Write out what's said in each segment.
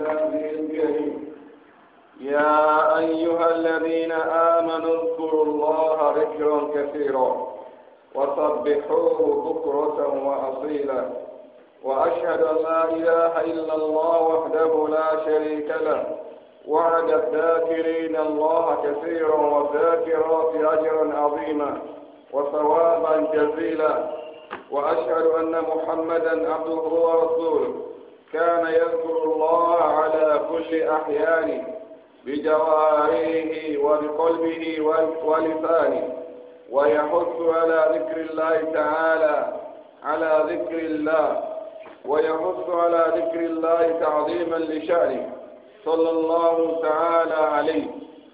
الكريم يا أيها الذين آمنوا اذكروا الله ذكرا كثيرا وسبحوه بكرة وأصيلا وأشهد أن لا إله إلا الله وحده لا شريك له وعد الذاكرين الله كثيرا والذاكرات أجرا عظيما وثوابا جزيلا وأشهد أن محمدا عبده ورسوله كان يذكر الله على كل أحيانه بجوارحه وبقلبه ولسانه ويحث على ذكر الله تعالى على ذكر الله ويحث على ذكر الله تعظيما لشأنه صلى الله تعالى عليه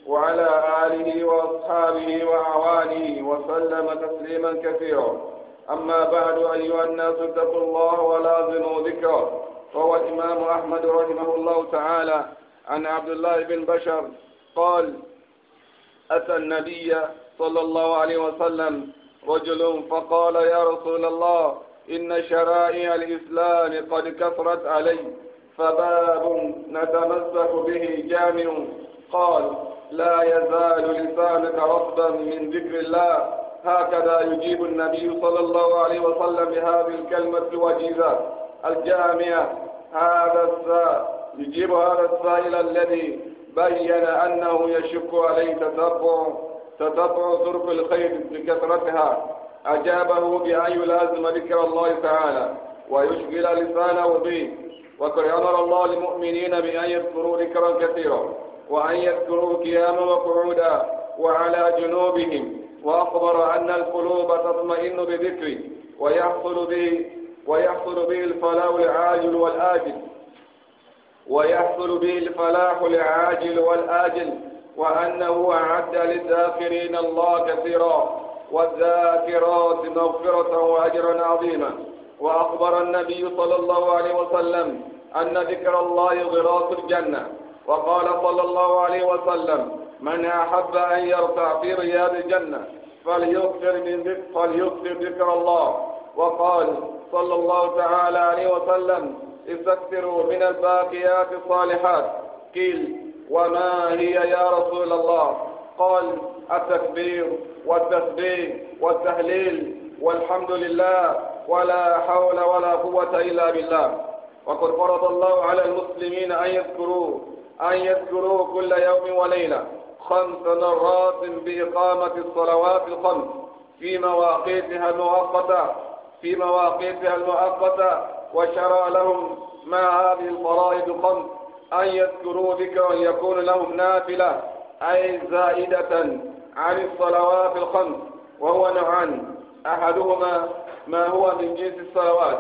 وعلى آله وأصحابه وأعوانه وسلم تسليما كثيرا أما بعد أيها الناس اتقوا الله ولازموا ذكره روى الإمام أحمد رحمه الله تعالى عن عبد الله بن بشر قال أتى النبي صلى الله عليه وسلم رجل فقال يا رسول الله إن شرائع الإسلام قد كثرت علي فباب نتمسك به جامع قال لا يزال لسانك رطبا من ذكر الله هكذا يجيب النبي صلى الله عليه وسلم بهذه الكلمة الوجيزة الجامعة هذا السائل يجيب هذا السائل الذي بين أنه يشك عليه تتبع تتبع طرق الخير بكثرتها أجابه بأن يلازم ذكر الله تعالى ويشغل لسانه به وقد أمر الله المؤمنين بأن يذكروا ذكرا كثيرا وأن يذكروا قياما وقعودا وعلى جنوبهم وأخبر أن القلوب تطمئن بذكره ويحصل به ويحصل به الفلاح العاجل والآجل ويحصل به الفلاح العاجل والآجل وأنه أعد للذاكرين الله كثيرا والذاكرات مغفرة وأجرا عظيما وأخبر النبي صلى الله عليه وسلم أن ذكر الله غراس الجنة وقال صلى الله عليه وسلم من أحب أن يرفع في رياض الجنة فليكثر من ذكر فليكثر ذكر الله وقال صلى الله تعالى عليه وسلم استكثروا من الباقيات الصالحات قيل وما هي يا رسول الله قال التكبير والتسبيح والتهليل والحمد لله ولا حول ولا قوة إلا بالله وقد فرض الله على المسلمين أن يذكروا أن يذكروا كل يوم وليلة خمس مرات بإقامة الصلوات الخمس في مواقيتها المؤقتة في مواقفها المؤقتة وشرع لهم مع هذه الفرائض الخمس أن يذكروا ذكرا يكون لهم نافلة أي زائدة عن الصلوات الخمس وهو نوعان أحدهما ما هو من جنس الصلوات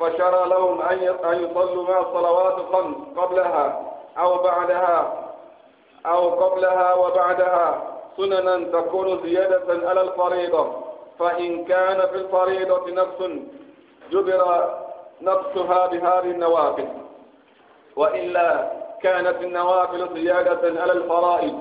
فشرع لهم أن يصلوا مع الصلوات الخمس قبلها أو بعدها أو قبلها وبعدها سننا تكون زيادة على الفريضة فإن كان في الفريضة نفس جبر نفسها بهذه النوافل وإلا كانت النوافل زيادة على الفرائض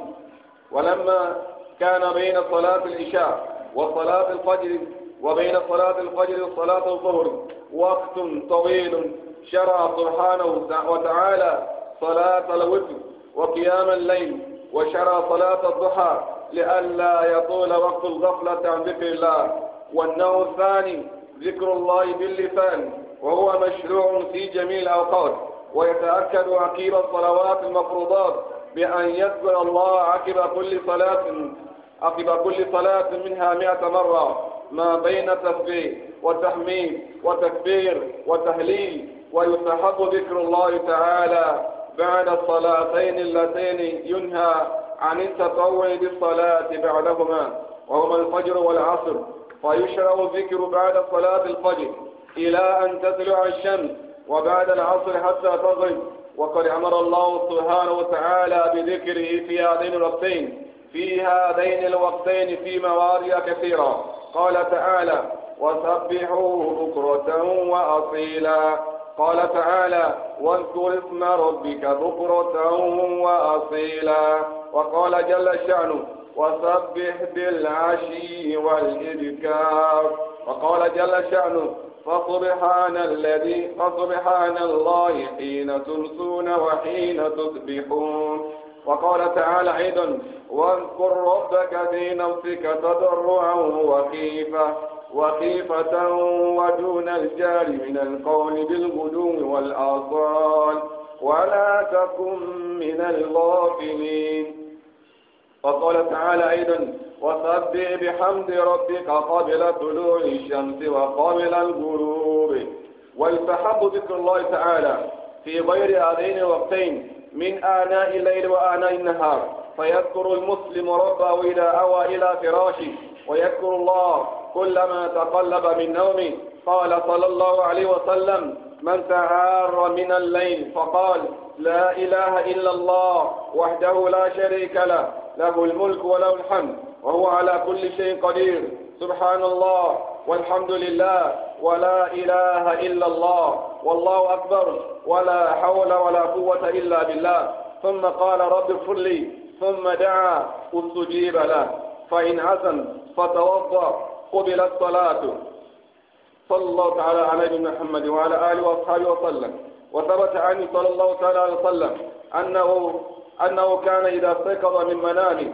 ولما كان بين صلاة العشاء وصلاة الفجر وبين صلاة الفجر وصلاة الظهر وقت طويل شرع سبحانه وتعالى صلاة الوتر وقيام الليل وشرع صلاة الضحى لئلا يطول وقت الغفلة عن ذكر الله والنوع الثاني ذكر الله باللسان وهو مشروع في جميع الأوقات ويتأكد عقيب الصلوات المفروضات بأن يذكر الله عقب كل صلاة عقب كل صلاة منها مئة مرة ما بين تسبيح وتحميد وتكبير وتهليل ويستحب ذكر الله تعالى بعد الصلاتين اللتين ينهى عن التطوع بالصلاة بعدهما وهما الفجر والعصر فيشرع الذكر بعد صلاة الفجر إلى أن تطلع الشمس وبعد العصر حتى تغرب وقد أمر الله سبحانه وتعالى بذكره في هذين الوقتين في هذين الوقتين في مواضع كثيرة قال تعالى وسبحوه بكرة وأصيلا قال تعالى واذكر اسم ربك بكرة وأصيلا وقال جل شأنه وسبح بالعشي والإبكار وقال جل شأنه فسبحان الذي فسبحان الله حين تمسون وحين تصبحون وقال تعالى أيضا واذكر ربك في نفسك تضرعا وخيفة وخيفة ودون الجار من القول بالغدو والآصال ولا تكن من الغافلين وقال تعالى أيضا وسبح بحمد ربك قبل طلوع الشمس وقبل الغروب والتحب ذكر الله تعالى في غير هذين الوقتين من آناء الليل وآناء النهار فيذكر المسلم ربه إذا أوى إلى فراشه ويذكر الله كلما تقلب من نومه قال صلى الله عليه وسلم من تعار من الليل فقال لا إله إلا الله وحده لا شريك له له الملك وله الحمد وهو على كل شيء قدير سبحان الله والحمد لله ولا إله إلا الله والله أكبر ولا حول ولا قوة إلا بالله ثم قال رب اغفر لي ثم دعا استجيب له فإن حسن فتوضأ قبلت صلاته صلى الله تعالى على نبينا محمد وعلى آله وأصحابه وسلم وثبت عنه صلى الله تعالى عليه وسلم أنه أنه كان إذا استيقظ من منامه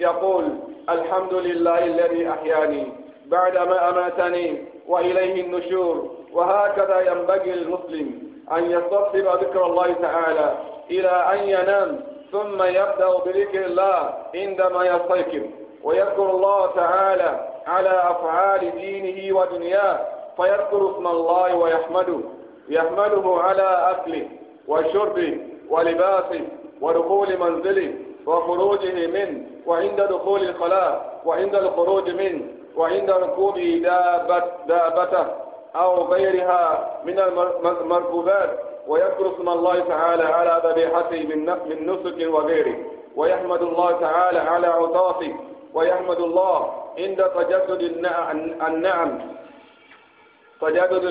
يقول الحمد لله الذي أحياني بعدما أماتني وإليه النشور وهكذا ينبغي للمسلم أن يستصحب ذكر الله تعالى إلى أن ينام ثم يبدأ بذكر الله عندما يستيقظ ويذكر الله تعالى على أفعال دينه ودنياه فيذكر اسم الله ويحمده يحمده على أكله وشربه ولباسه ودخول منزله وخروجه منه وعند دخول الخلاء وعند الخروج منه وعند ركوب دابت دابته أو غيرها من المركوبات ويذكر اسم الله تعالى على ذبيحته من نسك وغيره ويحمد الله تعالى على عطافه ويحمد الله عند تجدد النعم تجدد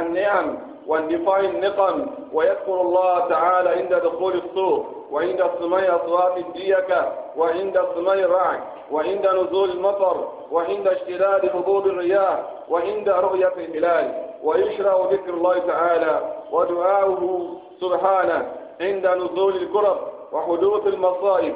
النعم واندفاع النقم ويذكر الله تعالى عند دخول السوق وعند سماع أصوات الديكة وعند سماع الرعد وعند نزول المطر وعند اشتداد هبوط الرياح وعند رؤية الهلال ويشرع ذكر الله تعالى ودعاؤه سبحانه عند نزول الكرب وحدوث المصائب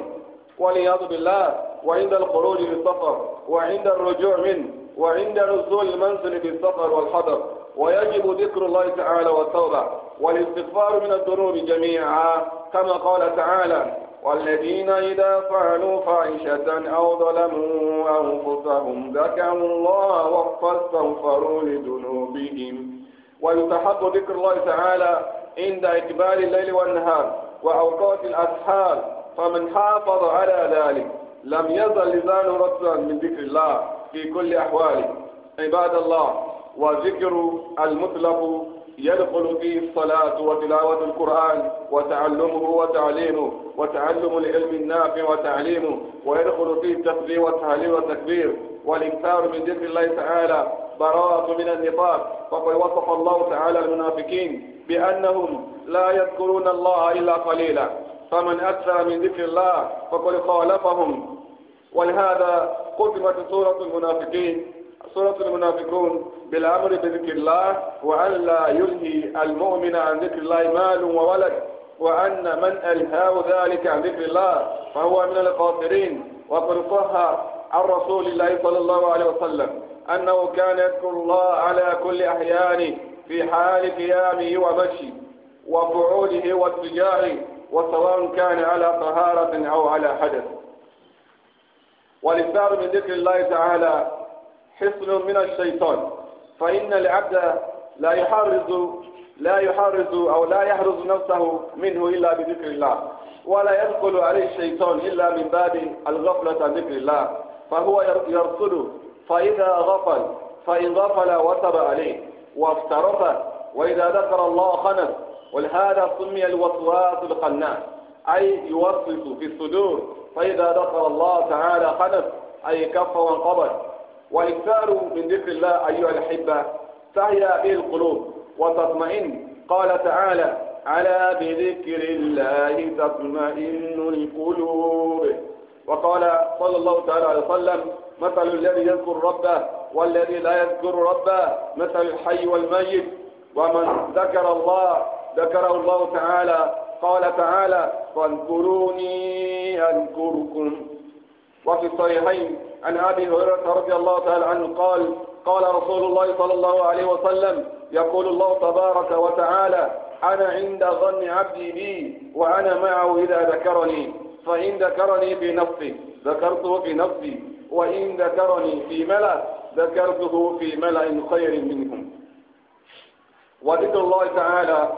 والعياذ بالله وعند الخروج للسفر وعند الرجوع منه وعند نزول المنزل بالسفر والحضر ويجب ذكر الله تعالى والتوبة والاستغفار من الذنوب جميعا كما قال تعالى والذين إذا فعلوا فاحشة أو ظلموا أنفسهم ذكروا الله فاستغفروا لذنوبهم ويستحق ذكر الله تعالى عند إقبال الليل والنهار وأوقات الأسحار فمن حافظ على ذلك لم يزل لسانه رسلا من ذكر الله في كل أحواله عباد الله وذكر المطلق يدخل فيه الصلاة وتلاوة القرآن وتعلمه وتعليمه وتعلم العلم النافع وتعليمه ويدخل فيه التسبيح والتهليل والتكبير والإكثار من ذكر الله تعالى براءة من النفاق فقد وصف الله تعالى المنافقين بأنهم لا يذكرون الله إلا قليلا فمن أكثر من ذكر الله فقد خالفهم ولهذا قدمت سورة المنافقين سورة المنافقون بالأمر بذكر الله وأن لا يلهي المؤمن عن ذكر الله مال وولد وأن من ألهاه ذلك عن ذكر الله فهو من الخاسرين وقد صح عن رسول الله صلى الله عليه وسلم أنه كان يذكر الله على كل أحيانه في حال قيامه ومشي وقعوده واتجاهه وسواء كان على طهارة أو على حدث والإكثار من ذكر الله تعالى حصن من الشيطان فإن العبد لا يحرز لا يحرز أو لا يحرز نفسه منه إلا بذكر الله ولا يدخل عليه الشيطان إلا من باب الغفلة عن ذكر الله فهو يرصده فإذا غفل فإن غفل وتب عليه وافترف وإذا ذكر الله خنف ولهذا سمي الوسواس الخناس أي يوسوس في الصدور فإذا ذكر الله تعالى خنف أي كف وانقبض وإكثار من ذكر الله أيها الأحبة تهيأ به القلوب وتطمئن قال تعالى على بذكر الله تطمئن القلوب وقال صلى الله تعالى عليه وسلم مثل الذي يذكر ربه والذي لا يذكر ربه مثل الحي والميت ومن ذكر الله ذكره الله تعالى قال تعالى فاذكروني أذكركم وفي الصحيحين عن أبي هريرة رضي الله تعالى عنه قال قال رسول الله صلى الله عليه وسلم يقول الله تبارك وتعالى أنا عند ظن عبدي بي وأنا معه إذا ذكرني فإن ذكرني في نفسي ذكرته في نفسي وإن ذكرني في ملأ ذكرته في ملأ خير منهم وذكر الله تعالى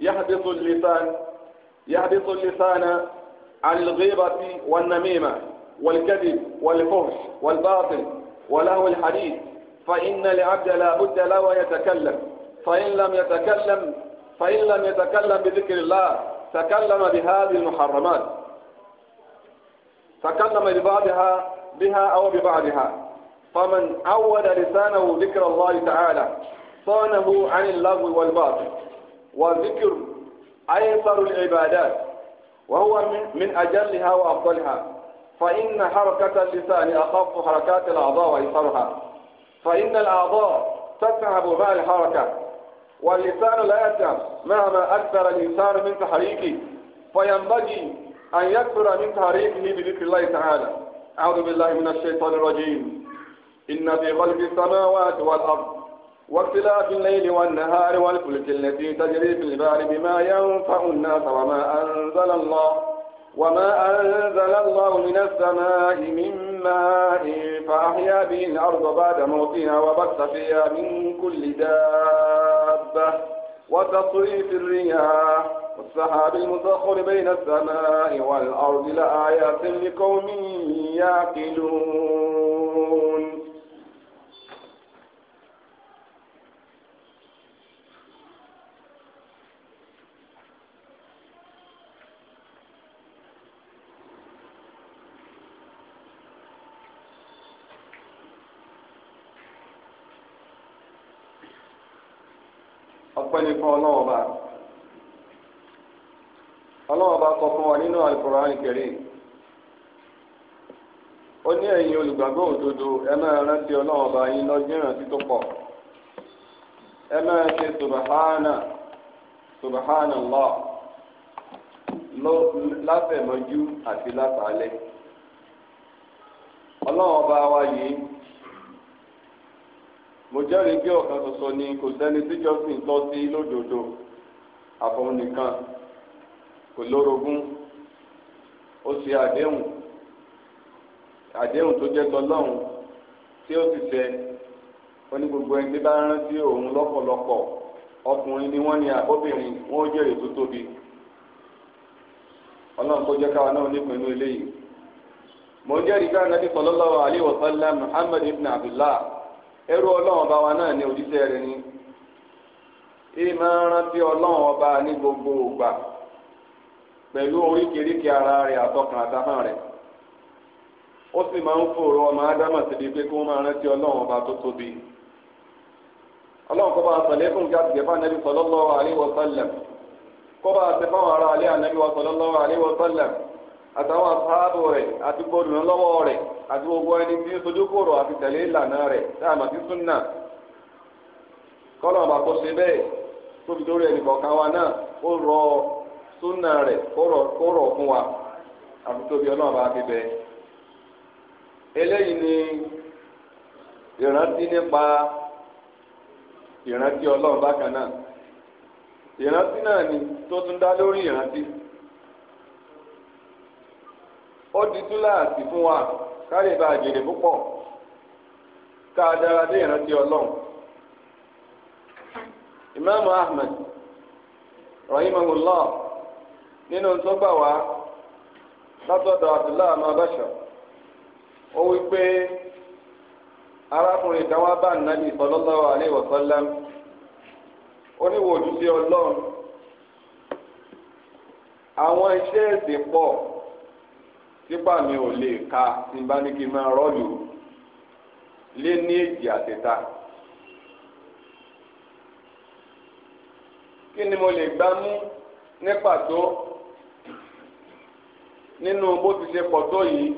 يحدث اللسان يحدث اللسان عن الغيبة والنميمة والكذب والفحش والباطل ولهو الحديث فإن العبد لا بد له أن يتكلم فإن لم يتكلم فإن لم يتكلم بذكر الله تكلم بهذه المحرمات تكلم ببعضها بها أو ببعضها فمن عود لسانه ذكر الله تعالى صانه عن اللغو والباطل والذكر أيسر العبادات وهو من أجلها وأفضلها فإن حركة اللسان أخف حركات الأعضاء وأيسرها فإن الأعضاء تتعب مع الحركة واللسان لا يتعب مهما أكثر الإنسان من تحريكه فينبغي أن يكثر من تحريكه بذكر الله تعالى أعوذ بالله من الشيطان الرجيم إن في خلق السماوات والأرض واختلاف الليل والنهار والفلك التي تجري في البحر بما ينفع الناس وما أنزل الله وما أنزل الله من السماء من ماء فأحيا به الأرض بعد موتها وبث فيها من كل دابة وتصريف الرياح والسحاب المسخر بين السماء والأرض لآيات لقوم يعقلون ṣe fún ọlọ́wọ́n kọ nínú Al-Qur'an ó ní ẹ̀yin olùgbàgbọ́ òdodo ẹ máa rántí ọlọ́wọ́n yín lọ́jọ́ ìrántí tó pọ̀ ẹ máa ṣe subahana subahana Allah láfẹ̀mọ́jú àti látàlẹ́ ọlọ́ọ̀ba mo jẹ́rìí gị ọ̀kan ṣoṣo ni kò sẹ́ni tí jọ́sìn tọ́ sí lódodo àfọ̀hún nìkan kò lórogún ó ṣe àdéhùn tó jẹ́ tí ó sì ṣe ó ní gbogbo ẹni bá rántí òun lọ́pọ̀lọpọ̀ ọkùnrin ni wọ́n ní àbóbìnrin wọ́n ó tó tóbi ọlọ́run náà eléyìí mo jẹ́rìí káwọn wasallam ahmed ibn ẹrú ọlọ́run wa náà ní òjíṣẹ́ rẹ̀ ni èyí máa ọlọ́run ọba ní gbogbo ògbà pẹ̀lú oríkèéríkè ara rẹ̀ àtọkàn àtàmà rẹ̀ ó sì máa ń fòrò ọmọ ádámà síbi pé kí wọ́n máa rántí ọlọ́run ọba tó tóbi ọlọ́run kọ́ bá sọ̀lẹ́ fún gàdìgẹ́ fún anábì sallallahu alaihi wasallam kọ́ bá sẹ́ fáwọn ará alẹ́ anábì àtàwọn àfáàbò rẹ̀ àti gbọdùnlọ́wọ́ rẹ̀ àti gbogbo ẹni tí ń sojú kòrò àti tẹ̀lé ìlànà rẹ̀ táàmù àti súnà kọ́lọ̀ ṣe bẹ́ẹ̀ tóbi lórí ẹnì kọ̀ọ̀kan wa náà ó rọ súnà rẹ̀ kó rọ̀ fún wa àti tóbi ó di túláàsì fún wa ká lè bá àjèrè púpọ̀ ká a dára dé ìrántí ọlọ́run. ìmáàmù ahmed nínú tó gbà wá látọ̀dọ̀ abdullahi amabasha ó wí pé arákùnrin kan wá bá nàbì sallallahu alaihi wasallam ó ní wòlúsí ọlọ́run àwọn tipa mi ò lè ka tí n bá ní kí n máa rọ́ọ̀lù lé ní èjì ni mo lè gbá mú ní pàtó nínú bó ti ṣe pọ̀ tó yìí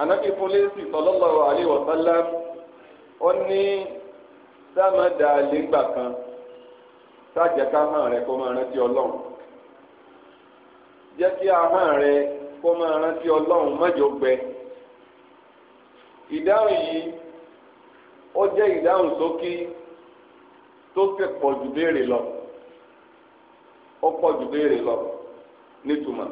ànábì fún lẹ́sì sallallahu alaihi ó ní lẹ́gbà kan sáàjẹ́ká hàn rẹ kó máa rántí ọlọ́run jẹ́ kí kó máa rántí ọlọ́run mọ́jọ gbẹ. ìdáhùn yìí ó jẹ́ ìdáhùn sókí tó fẹ́ pọ̀ ju béèrè lọ ó pọ̀ ju béèrè lọ nítumọ̀.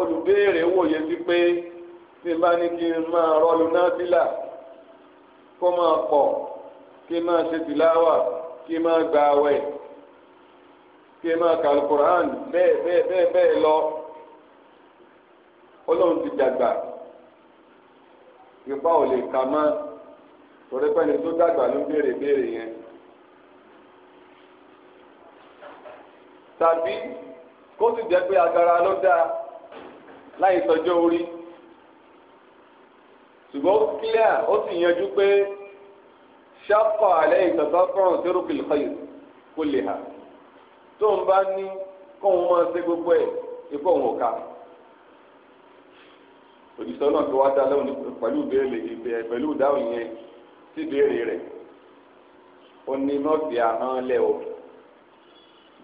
olùbéèrè wòye sí pé tí n bá ní kí n máa rọlù náà sílà kó máa pọ̀ kí n máa ṣe tìláwà. kí máa gba àwẹ̀ kí máa ka alukur'an bẹ́ẹ̀ bẹ́ẹ̀ bẹ́ẹ̀ bẹ́ẹ̀ lọ ọlọ́run ti dàgbà ìpá ò lè ka mọ́ torí pẹ́ni tó dàgbà ló béèrè béèrè yẹn. tàbí kó sì jẹ́ pé agara ló dáa láì sọjọ́ orí ṣùgbọ́n ó kílíà ó sì yanjú pé. ṣàkọ àlẹ́ ìtọ́sọ́fọ́rùn sírùkì lẹ́yìn kó lè hà tó ń bá ní kó ń máa ṣe gbogbo ẹ̀ ikú òun ò ká òjíṣẹ́ náà tó wá dá lóhùn pẹ̀lú ìbéèrè ìbéèrè pẹ̀lú ìdáhùn yẹn sí ìbéèrè rẹ̀ ó ní mọ́ọ̀sì àhán lẹ̀ o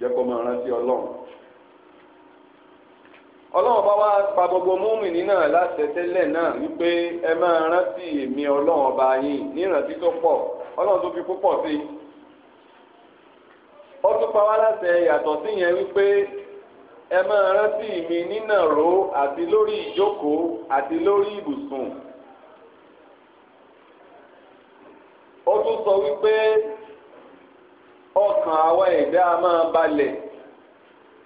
jẹ́ kó máa rántí ọlọ́run ọlọ́run bá wá pa gbogbo múmìnì náà láti tẹ́lẹ̀ náà wípé ẹ máa rántí èmi ọlọ́run ọba yín nírántí tó pọ̀ ọlọ́run tó fi púpọ̀ sí i ó tún pa wá láṣẹ yàtọ̀ sí yẹn wípé ẹ máa rántí mi nínàró àti lórí ìjókòó àti lórí ibùsùn ó tún sọ wípé ọkàn àwa ẹ̀dá máa balẹ̀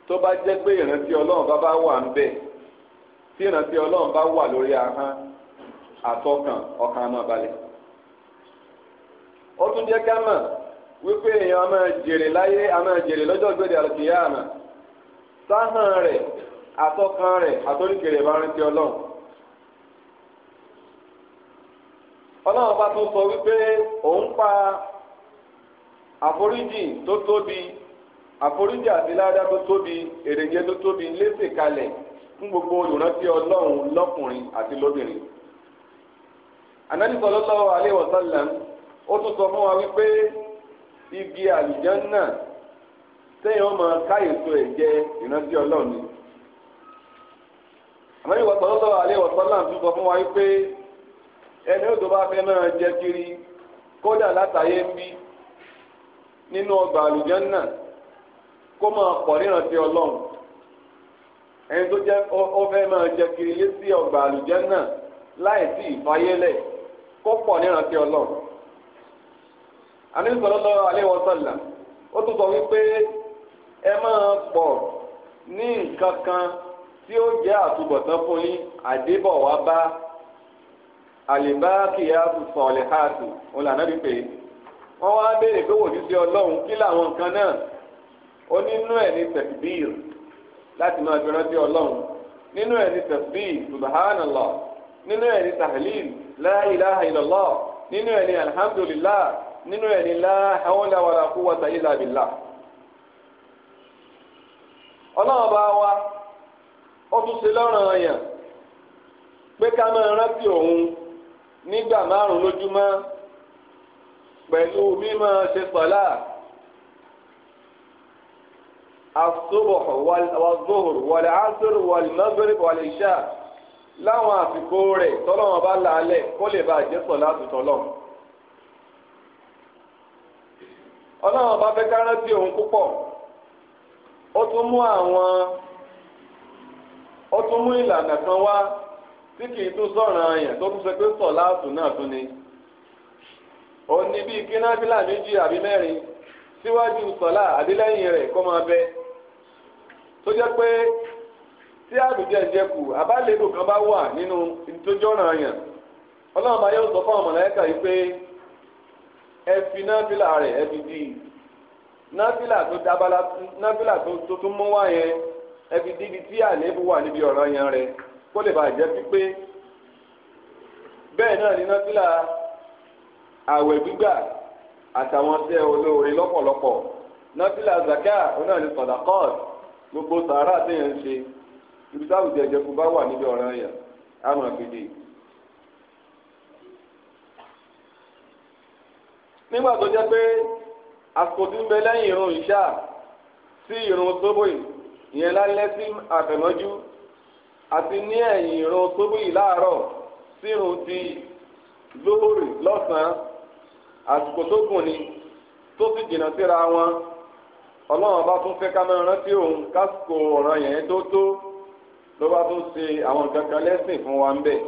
tó bá jẹ́ pé ìrántí ọlọ́run bá bá wà ń bẹ̀ tí ìrántí ọlọ́run bá wà lórí ahọ́n àtọkàn ọkàn máa balẹ̀ ó tún jẹ́ ká mọ̀ wípé èèyàn a máa jèrè láyé a máa jèrè lọ́jọ́ gbèdé àlùkìyà àmà sáhàn rẹ̀ àtọkàn rẹ̀ àtọ́nìkèrè bá rántí ọlọ́run. ọlọ́run bá tún sọ wípé òun pa àforíjì tó tóbi àforíjì àti ládá tó tóbi èrèjẹ tó tóbi lẹ́sẹ̀ kalẹ̀ fún gbogbo olùrántí ọlọ́run lọ́kùnrin àti lóbìnrin. ànábì sallallahu alaihi wasallam. ó tún sọ fún wa wípé igi àlùjànnà téèyàn máa ká èso ẹ̀ jẹ ìrántí ọlọ́run ni. àmọ́ ìwà sọ̀rọ̀sọ̀rọ̀ alẹ́ ọ̀sọ́lá tún sọ fún wa wípé ẹni òdò bá fẹ́ ma jẹ kiri kódà látàyé ń bí nínú ọgbà àlùjànnà kó máa pọ̀ nírántí ọlọ́run ẹni tó ó fẹ́ máa jẹ kiri lé sí ọgbà láì sí kó pọ̀ ọlọ́run. àníbi sallallahu alaihi wasallam ó tún sọ wípé ẹ máa pọ̀ ní nǹkan kan tí ó jẹ́ àtúbọ̀tán fún yín àdébọ̀ wá bá àlèbákìyà sọ̀lẹ̀hàtù ọ̀làná wípé wọ́n wá béèrè pé wò ní sí ọlọ́run kí làwọn nǹkan náà ó nínú ẹ̀ ní tẹ̀síbíìr láti máa fi rántí ọlọ́run nínú ẹ̀ ní tẹ̀síbíìr subhanallah nínú ẹ̀ ní tahlil la ilaha illallah nínú ẹ̀ ní alhamdulillah nínú ẹ̀ ní la hawla wala quwwata illa billah ọlọ́run bá wa ó tún ṣe lọ́rùn ọyàn pé ká máa rántí òun nígbà márùn lójúmọ́ pẹ̀lú mímọ́ ṣe sọ̀lá as-subh wal-dhuhr wal-'asr wal-maghrib láwọn àsìkò rẹ̀ tọ́lọ́wọ́n bá kó lè bá jẹ́ sọ̀lá ọlọ́run bá fẹ́ ká rántí òun púpọ̀ ó tún mú àwọn ó tún mú ìlànà kan wá tí kì í tún sọ̀ràn àyàn tó tún sọ pé sọ̀ láàtún náà tún ni ó ní bíi kínábílà méjì àbí mẹ́rin síwájú sọ̀lá àdílẹ́yìn rẹ̀ kó máa bẹ tó jẹ́ pé tí àlùjẹ̀jẹ̀kù bá wà nínú ìtójọ́ràn ọlọ́run bá yóò sọ fún yìí ẹfi nábìlà rẹ̀ ẹfi dì í nábìlà tó dábàlá nábìlà tó tún mú wá yẹn ẹfi dì í tí àléébù wà níbi ọ̀ràn yẹn rẹ̀ kó lè bàa jẹ́ pípé bẹ́ẹ̀ náà ni nábìlà àwẹ̀ gbígbà àtàwọn tẹ olóore lọ́pọ̀lọpọ̀ nábìlà zakat oná ní sọ̀dàkọ́ọ̀t gbogbo sàárà téèyàn ń ṣe ibi táwùjọ ìjẹkùn bá wà níbi ọ̀ràn yẹn á máa nígbà tó jẹ́ pé àsìkò tí ń bẹ lẹ́yìn irun ìṣá sí irun sóbòì ìyẹn lálẹ́ sí àfẹ̀mọ́jú àti ní ẹ̀yìn irun sóbòì láàárọ̀ sí irun ti lóòrè lọ́sàn-án àsìkò tó gùn ni tó sì jìnnà síra wọn ọlọ́run bá tún fẹ́ ká máa rántí òun kásìkò ọ̀ràn yẹn tó tó ló bá tún ṣe àwọn kankan lẹ́sìn fún wa ń bẹ̀.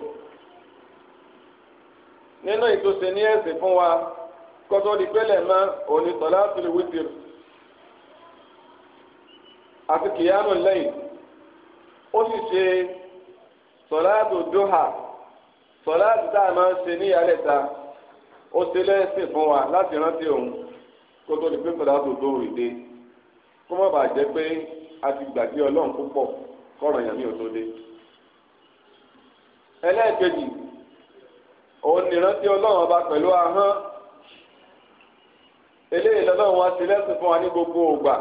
nínú ìtòsí ní ẹ̀sìn fún wa kótó di pẹ́lẹ̀ mọ́ òní tọ́lá tìlú wítìrì àti kìyàmù lẹ́yìn ó sì ṣe tọ́lá tó dóhà tọ́lá tó tá a máa ń ṣe ní ìyálẹ̀ ta ó ṣe lẹ́sìn fún wa láti rántí òun kótó di pé tọ́lá tó dóhùn ìdè kó má bàa jẹ́ pé a ti gbàgbé ọlọ́run púpọ̀ kọ́ràn yàmi ò tó dé. ẹlẹ́ẹ̀kejì òun nìrántí ọlọ́run ọba pẹ̀lú ahọ́n eléyìí lọ́lọ́run wá sí lẹ́sìn fún wa ní gbogbo ògbà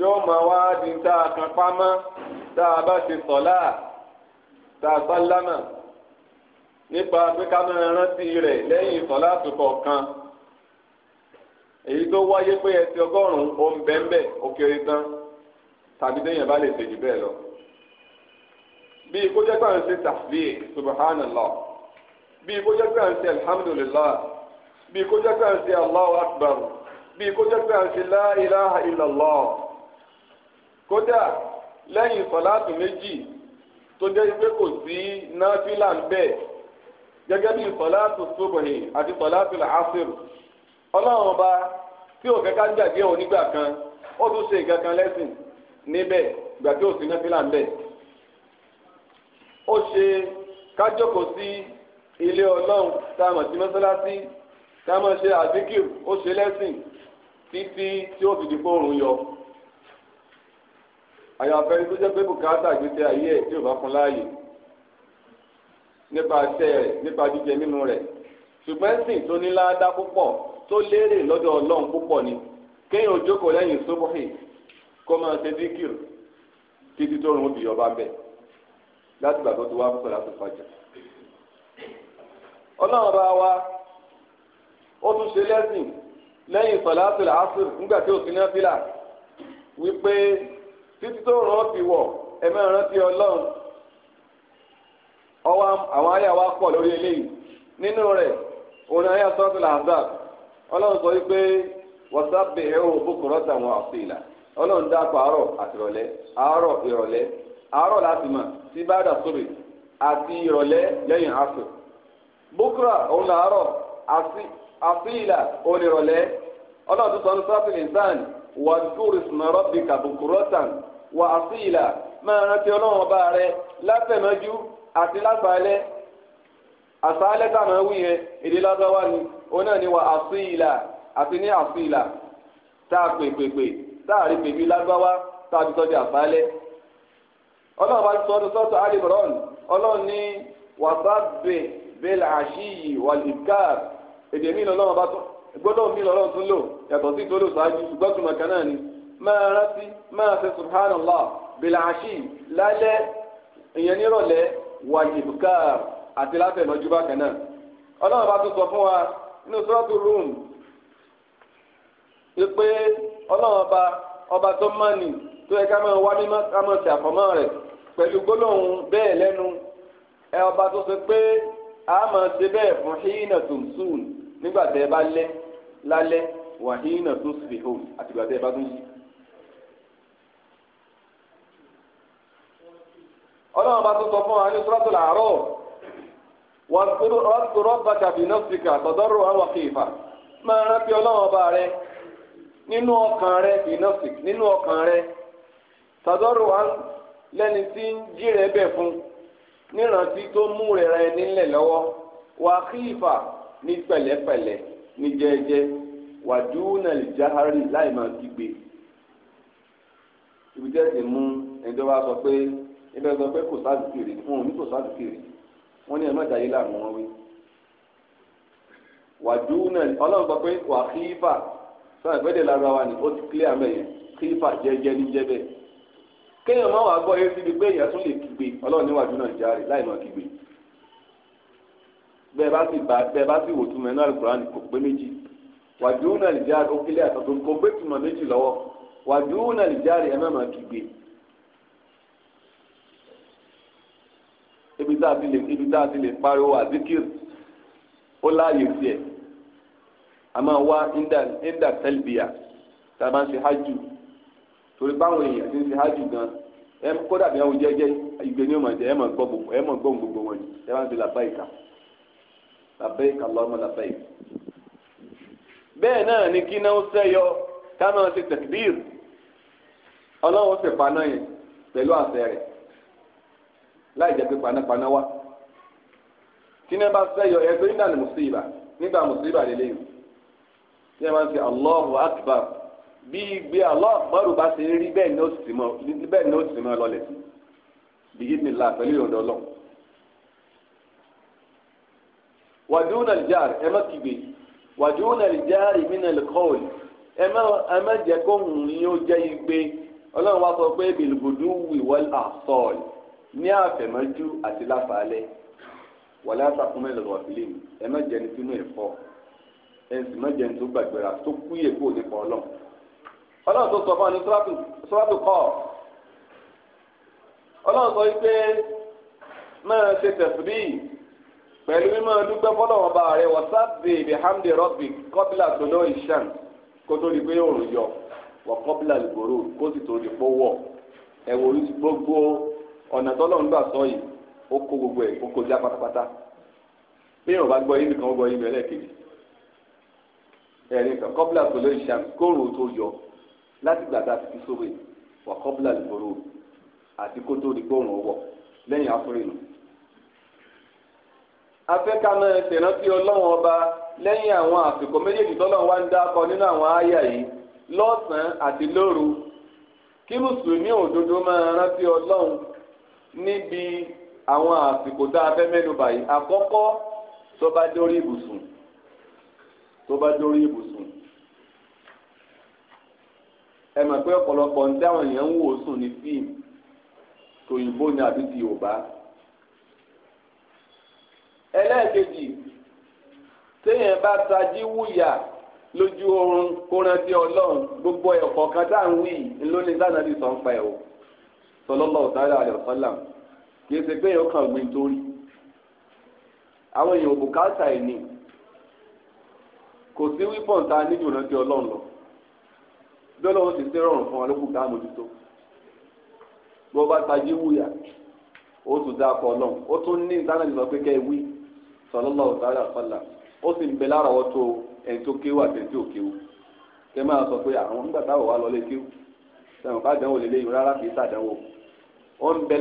yóò máa wá di tá a kan pamọ́ tá a bá ti sọ̀lá tá a sálámà nípa pé ká máa rántí rẹ̀ lẹ́yìn sọ̀lá tó kọ̀ọ̀kan èyí tó wáyé pé ẹtì ọgọ́rùn-ún ó ń bẹ́ńbẹ́ ó kéré tán tàbí téèyàn bá lè tèjì bẹ́ẹ̀ lọ. bí ikú jẹ́ pé à ń ṣe tasbih subhanallah bí ikú jẹ́ pé à ń ṣe alhamdulillah bí kó jẹ́ pé à ń ṣe Allahu Akbar bí kó jẹ́ pé à ń ṣe la ilaha illallah kódà lẹ́yìn sọ̀láàtù méjì tó jẹ́ pé kò sí náfìlà ń bẹ̀ gẹ́gẹ́ bí sọ̀láàtù sóbòhè àti sọ̀láàtù làásìrù ọlọ́run ọba tí ò kẹ́kẹ́ gbàgbé òun nígbà kan ó tún ṣe nǹkan lẹ́sìn níbẹ̀ gbà tí ò sí náfìlà ń bẹ̀ ó ṣe kájókòó sí ilé ọlọ́run tá a mọ̀ sí mọ́sálásí ká máa ṣe o ó ṣe lẹ́sìn títí tí ó fi di fóònù yọ àyàfẹ́ tó jẹ́ pé bùkátà gbèsè ayé ẹ̀ tí ò bá fún láàyè nípa iṣẹ́ rẹ̀ nípa jíjẹ nínú rẹ̀ ṣùgbọ́n ẹ̀sìn tó ní láádá púpọ̀ tó lérè lọ́dọ̀ ọlọ́run púpọ̀ ni kéèyàn ojókòó lẹ́yìn sóbòhìn kó máa ṣe díkìr títí tó rùn òbí ọba bẹ́ẹ̀ láti gbàgbọ́ tó wá fún sọ̀rọ̀ àtúfàjà ọlọ́run bá wa. ó tún ṣe lẹ́sìn lẹ́yìn sọ̀láṣì làásù nígbà tí òsín náà fìlà wípé títí tó rán wọ ti wọ̀ ẹ rántí ọlọ́run ọwọ́ àwọn àyà wa pọ̀ lórí eléyìí nínú rẹ̀ òun àyà sọ́ọ̀tì ọlọ́run sọ wípé whatsapp ẹ̀ ò ọlọ́run dákọ̀ àárọ̀ àti ìrọ̀lẹ́ àárọ̀ ìrọ̀lẹ́ àárọ̀ láti mọ̀ sí bàdà sóbì àti ìrọ̀lẹ́ lẹ́yìn àfíìlà onírọ̀lẹ́ ọlọ́run tó sọ ní nìsan wà wà máa rántí ọba rẹ àti táwọn ẹwú yẹn èdè ni òun náà ni wà àfíìlà àti ní àfíìlà tá a rí lágbáwá bá sọ ọdún sọ́tọ̀ alìmọ̀rọ́ọ̀nù ọlọ́run ní wàsáàbẹ̀ bẹ́ẹ̀ èdè mi lọ́lọ́run bá tún gbọ́dọ̀ mi lọ́lọ́run tún lò yàtọ̀ sí ìtòlò ṣáájú gbọ́tùmọ̀ kan náà ni máa rántí máa ṣe subhanallah bilaashi lálẹ́ ìyẹn nírọ̀lẹ́ wàjibukar àti látẹ̀lọ́jú bákan náà ọlọ́run bá tún sọ fún wa nínú sọ́ọ̀tù rúùm pé ọlọ́run ọba ọba tó mọ́ni tó yẹ ká máa wá mímọ́ ká máa ṣàfọ́mọ́ rẹ̀ pẹ̀lú gbólóhùn bẹ́ẹ̀ lẹ́nu ẹ ọba tó ṣe pé a máa ṣe fún híínà tumsun nígbà tẹ́ bá lẹ́ lálẹ́ wà híínà tusbihun àtìgbà tẹ́ ẹ bá tún yìí. ọlọ́run bá tó sọ fún wa ní suratul A'raf wàásù rabbaka fi nafsika tadarru'an wa khifa máa rántí ọlọ́run ọba rẹ nínú ọkàn rẹ fi ninu nínú ọkàn rẹ tadarru'an lẹ́ni tí ń jí rẹ bẹ̀ fún nírántí tó mú rẹ̀ra ẹni ńlẹ̀ lọ́wọ́ wà kíìfà ní pẹ̀lẹ́pẹ̀lẹ́ ní jẹ́ẹ́jẹ́ wà dúnà lè jáhárì láì máa kígbe. ibi tẹ́ ti mú ẹni tó bá sọ pé ẹgbẹ́ sọ pé kò sáàdù kiri fún òun ní kò sáàdù kiri wọ́n ní ẹ̀mọ́ta yìí làwọn wọn wí. wà dúnà ọlọ́run sọ pé wà kíìfà sọ ìgbẹ́dẹ̀ lára wa ni ó ti kílẹ̀ àmẹ́yẹn kíìfà jẹ́ẹ́jẹ́ ní jẹ́ kéèyàn má wàá gbọ́ yéé síbi pé èèyàn tún lè kígbe ọlọ́run níwájú náà járe láì má kígbe bẹ́ẹ̀ bá sì bá bẹ́ẹ̀ bá sì wò tún mẹ́nu àlùkùránì kò pé méjì wàdúrú náà lè járe ó kílẹ̀ àtọ́tò kò pé tùmọ̀ méjì lọ́wọ́ wàdúrú náà lè járe ẹ má má kígbe. ibi tá a ti lè ibi tá a ti lè pariwo àzikir ó láàyè tiẹ̀ a máa wá inda inda tẹ́lbíà tá a bá ń ṣe hajj torí báwọn èèyàn ti ń ṣe hájú gan ẹ kódà bí wọn jẹjẹ ìgbé ní ọmọdé ẹ mọ gbọ́ gbogbo ẹ mọ gbọ́ gbogbo wọn ẹ máa ń ṣe làbáyìíkà làbáyìíkà lọ́mọ làbáyìíkà. bẹ́ẹ̀ náà ni kí náà ń sẹ́yọ ká máa ṣe tẹ̀kbíìr ọlọ́run sì paná yẹn pẹ̀lú àṣẹ rẹ̀ láì jẹ́ pé panápaná wá tí náà bá sẹ́yọ ẹgbẹ́ nígbà mùsíbà nígbà mùsíbà lélẹ́yìn tí náà bá ń ṣe Allahu Akbar bí ìgbé àlọ́ àmọ́rù bá ṣe rí bẹ́ẹ̀ ni ó sì mọ́ bẹ́ẹ̀ ni ó sì mọ́ lọlẹ̀ sí bìyí ni là pẹ̀lú ìrọ̀dọ̀ ọlọ́run. wàdúù náà jáàrì ẹ má kígbe wàdúù náà jáàrì mí náà kọ́ọ̀lì ẹ má ẹ má jẹ́ kó hùn ní ó jẹ́ igbe ọlọ́run wá sọ pé bìlùgùdù wìwọ́l àsọ̀ọ̀lì ní àfẹ̀mọ́jú àti láfàálẹ́ wàlẹ́ àtàkùnmẹ́ lọ́rọ̀ ìlú ẹ má jẹ́ni sínú ẹ̀fọ́ ẹ sì má jẹ́ni tó gbàgbéra tó kúyè kó nípa ọlọ́run ọlọ́run tó sọ fún ọ ní sọ́wọ́tò kọ́ ọlọ́run sọ wípé máa ṣe tẹ̀síbí pẹ̀lú mímọ́ dúpẹ́ fọlọ́wọ́n bá rẹ wọ́sáàbì bihamdi rọ́bì kọ́bílà tó lọ ìṣàn kó tó di pé òòrùn yọ wọ́n kọ́bílà lùgbòrò kó sì tó di pọ́wọ́ ẹ̀wọ̀ gbogbo ọ̀nà tọ́lọ́run gbà sọ yìí ó kó gbogbo ẹ̀ ó kó já pátápátá bí yóò bá gbọ́ yín nìkan ó gbọ́ yín bẹ́ẹ̀ lẹ́ẹ̀kejì ẹ̀rín kan kọ́bílà tó lọ ìṣàn kóòrùn tó yọ láti gbà tá a ti fi sóbè wà kọ́bùlà lùgbòrò àti kó tó di pé òun wọ̀ lẹ́yìn afúrínù. afẹ́ká máa ṣèrántí ọlọ́run ọba lẹ́yìn àwọn àsìkò méjèèjì tọ́lọ́run wá ń dákọ nínú àwọn àyà yìí lọ́sàn-án àti lóru kí mùsùlùmí òdodo máa rántí ọlọ́run níbi àwọn àsìkò tá a fẹ́ mẹ́nu báyìí àkọ́kọ́ tó bá dórí ibùsùn tó bá dórí ibùsùn ẹ mọ̀ pé ọ̀pọ̀lọpọ̀ ní táwọn èèyàn ń wò sùn ní fíìmù tòyìnbó ni àbí ti Yorùbá ẹlẹ́ẹ̀kejì téèyàn bá tají wúyà lójú oorun kó rántí Ọlọ́run gbogbo ẹ̀kọ́ kan tá à ń wí ńlóni sànàbí sọ̀ ń pa ẹ̀ o sọlọ́lọ́ ọ̀tàlá àlẹ́ ọ̀sọ́làm kì í ṣe pé èèyàn kàn gbin torí àwọn èèyàn òbúkátà ẹ̀ ní kò sí wípọ̀n tá a níjò rántí Ọlọ́run lọ. bí ọlọ́run ti ṣe rọrùn fún wa ló kù ká mójútó bí wọ́n bá tají wúyà ó tún dá akọ ọlọ́run ó tún ní ìtànàjì sọ pé kẹ́ ẹ wí sallallahu ta'ala fàlà ó sì ń bẹ ẹni tó kéwù àti ẹni tó kéwù kẹ́ máa sọ pé àwọn nígbà táwọn wà kéwù sẹ̀wọ̀n ká dánwò lélẹ́yìn rárá kì í sàdánwò ó ń bẹ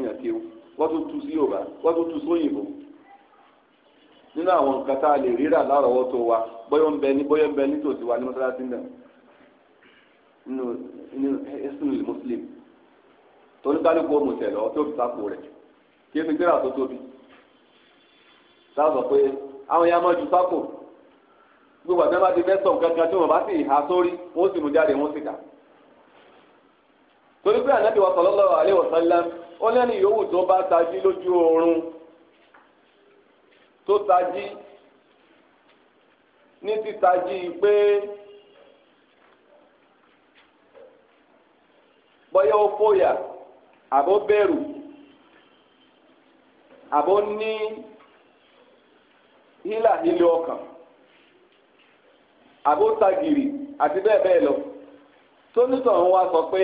ẹni tó wọ́n tún tu sí yorùbá wọ́n tún tu sóyìnbó nínú àwọn nǹkan tá a lè rírà lárọ̀ọ́wọ́tó wa bóyá ń bẹ ní bóyá ń bẹ nítòsí wa ní mọ́sálásí náà nínú nínú ẹ̀sìn muslim torí kálukú mùsẹ̀ lọ́wọ́ tó fi sápò rẹ̀ kí ebi gbéra tó tóbi sáàsọ pé àwọn ya máa ju sápò gbogbo àti ẹ bá ti fẹ́ sọ nǹkan kan tí wọ́n bá sì há sórí wọ́n sì mú jáde wọ́n sì kà á torí pé ànábì wa sallallahu alaihi wasallam ó lẹ́ni yòówù tó bá tají lójú oorun tó tají ní títají pé bóyá ó fòyà àbó bẹ̀rù àbó ní hílà nílé ọkàn àbó tagìrì àti bẹ́ẹ̀ bẹ́ẹ̀ lọ tó ń wá sọ pé.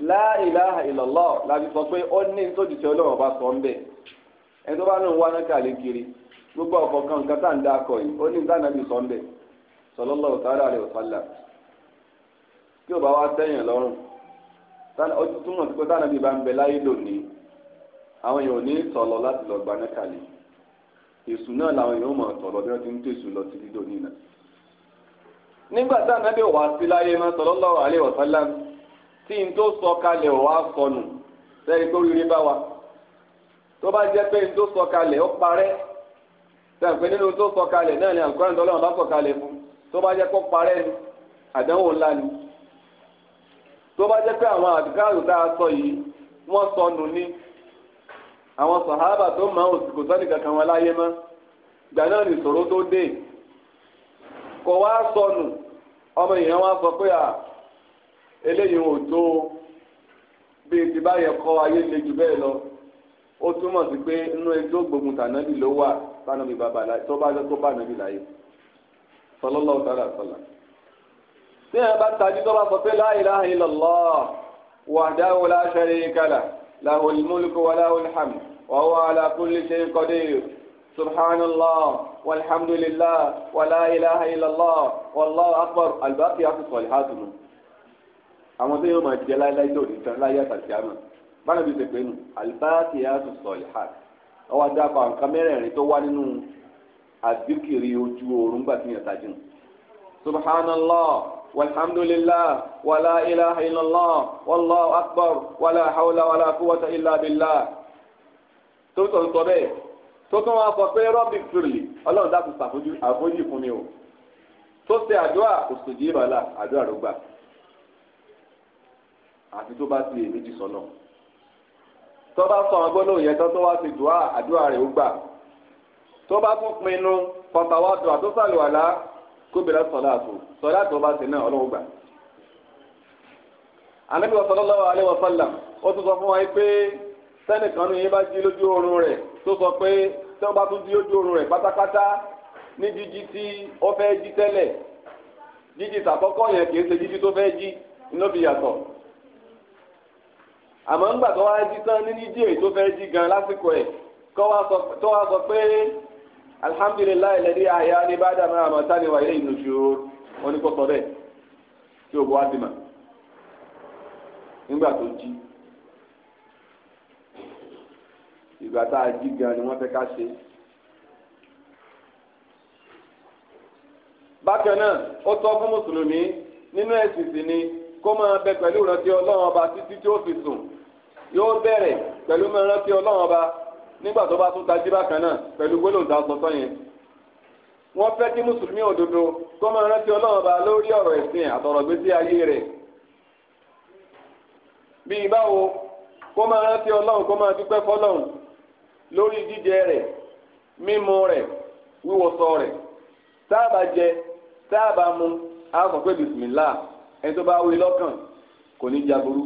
láìláha ìlọlọ láti sọ pé ó ní nítòjìṣẹ́ ọlọ́run bá sọ ń bẹ̀ ẹni tó bá wá kiri gbogbo nǹkan tá à ń dá akọ yìí ó ní nítànàbí sọ ń bẹ̀ sọlọ́lọ́ ọ̀tàrà rẹ̀ ọ̀sálà tí ò sẹ́yìn lọ́rùn ó ti túmọ̀ sí pé bá ń bẹ láyé lónìí àwọn èèyàn ò ní láti lọ gba kàlẹ́ èsù tí n tó sọ kalẹ̀ ọ̀ wá sọnù sẹ́ni tó rírì bá wa tó bá jẹ́ pé n tó sọ kalẹ̀ ó parẹ́ sẹ́ni pé nínú tó sọ kalẹ̀ náà ni àlùkò ẹ̀ńtọ́ bá sọ kalẹ̀ fún tó bá jẹ́ kó parẹ́ ni àdánwò ńlá ni tó bá jẹ́ pé àwọn tá a sọ yìí wọ́n sọnù ni àwọn sàhábà tó máa ń kò sọ́ni kankan wọn láyé mọ́ gbà náà ní ìṣòro tó eléyìí ò tó bí ti báyẹn kọ́ ayé le jù bẹ́ẹ̀ lọ ó túmọ̀ sí pé inú ẹjọ́ gbogbo tànàbì ló wà tànàbì bàbá láyé tó bá tó bá nàbì láyé sallallahu ta'ala sallam. tí ẹ bá tají tó bá sọ pé la ilaha illallah wahdahu la sharika lah lahul mulku wa lahul hamd wa huwa ala kulli shay'in qadir subhanallah walhamdulillah wa la ilaha illallah wallahu akbar albaqiyatu salihatu àwọn tó yẹ máa jẹ láéláé tó ní tán láyé àtàkì àmọ́ báyọ̀ bí tẹ̀pẹ́ nù àlùbáàtì àtù sọ̀lìhà ọwọ́ adáko àwọn nǹkan mẹ́rẹ̀ẹ̀rin tó wá nínú àdìkìrì ojú oorun gbà tí yẹn tajú. subhanallah walhamdulillah wàlá ilaha illallah wallahu akbar wàlá hawla wàlá kúwàtà illa billah. tó tọ̀ ń sọ bẹ́ẹ̀ tó tún wá sọ pé rọ́bì fìrìlì ọlọ́run dákun ṣàfojú fún mi o tó ṣe àdúrà òṣèjì ìbàlá àdúrà ló gbà àfi tó bá ti èméjì sọlọ tó bá sọ àwọn gbólóhùn yẹn tó tó wá ti dùá àdúrà rẹ̀ ó gbà tó bá tún pinnu fọtàwádùn àtúnṣàlùwàlá kó bẹ̀rẹ̀ sọlá àtò sọlá àtò bá ti náà ọlọ́wọ́ gbà. Ànábì sallallahu alaihi wasallam ó tún sọ fún wa pé sẹ́nìkan ní yín bá jí lójú oorun rẹ̀ tó sọ pé tí wọ́n bá tún jí lójú oorun rẹ̀ pátápátá ní jíjí tí ó fẹ́ jí tẹ́lẹ̀ jíjí tàkọ́kọ́ yẹn kì í ṣe jíjí tó fẹ́ jí inú bí yàtọ̀ àmọ́ ńgbà tó wá jí tán níní díè tó fẹ́ jí gan lásìkò ẹ̀ tó wá sọ pé alhamdulilayi lẹ́ni àyà ni bá dàmú àmọ́tánì wà ilé ìnùsùn wọn ni kò sọ bẹ́ẹ̀ tí o bọ́ wá sí ma nígbà tó jí ìgbà tá a jí gan ni wọ́n fẹ́ ká ṣe. bákan náà ó tọ́ fún mùsùlùmí nínú ẹ̀sìn sí ni kó máa bẹ pẹ̀lú ìrántí ọlọ́run ọba títí tí ó fi sùn yóò bẹ̀rẹ̀ pẹ̀lú mẹ́rin tí ọlọ́run ọba nígbà tó bá tún tají bákan náà pẹ̀lú gbólóhùn tá a sọ sọ yẹn wọ́n fẹ́ kí mùsùlùmí òdodo kó máa rántí ọlọ́run ọba lórí ọ̀rọ̀ ẹ̀sìn àtọ̀rọ̀ gbèsè ayé rẹ̀ bíi báwo kó máa rántí ọlọ́run kó máa dúpẹ́ fọlọ́run lórí jíjẹ rẹ̀ mímu rẹ̀ wíwọṣọ rẹ̀ sáàbà jẹ sáàbà mu á bisimilá ẹni tó bá wí lọ́kàn kò ní jaburú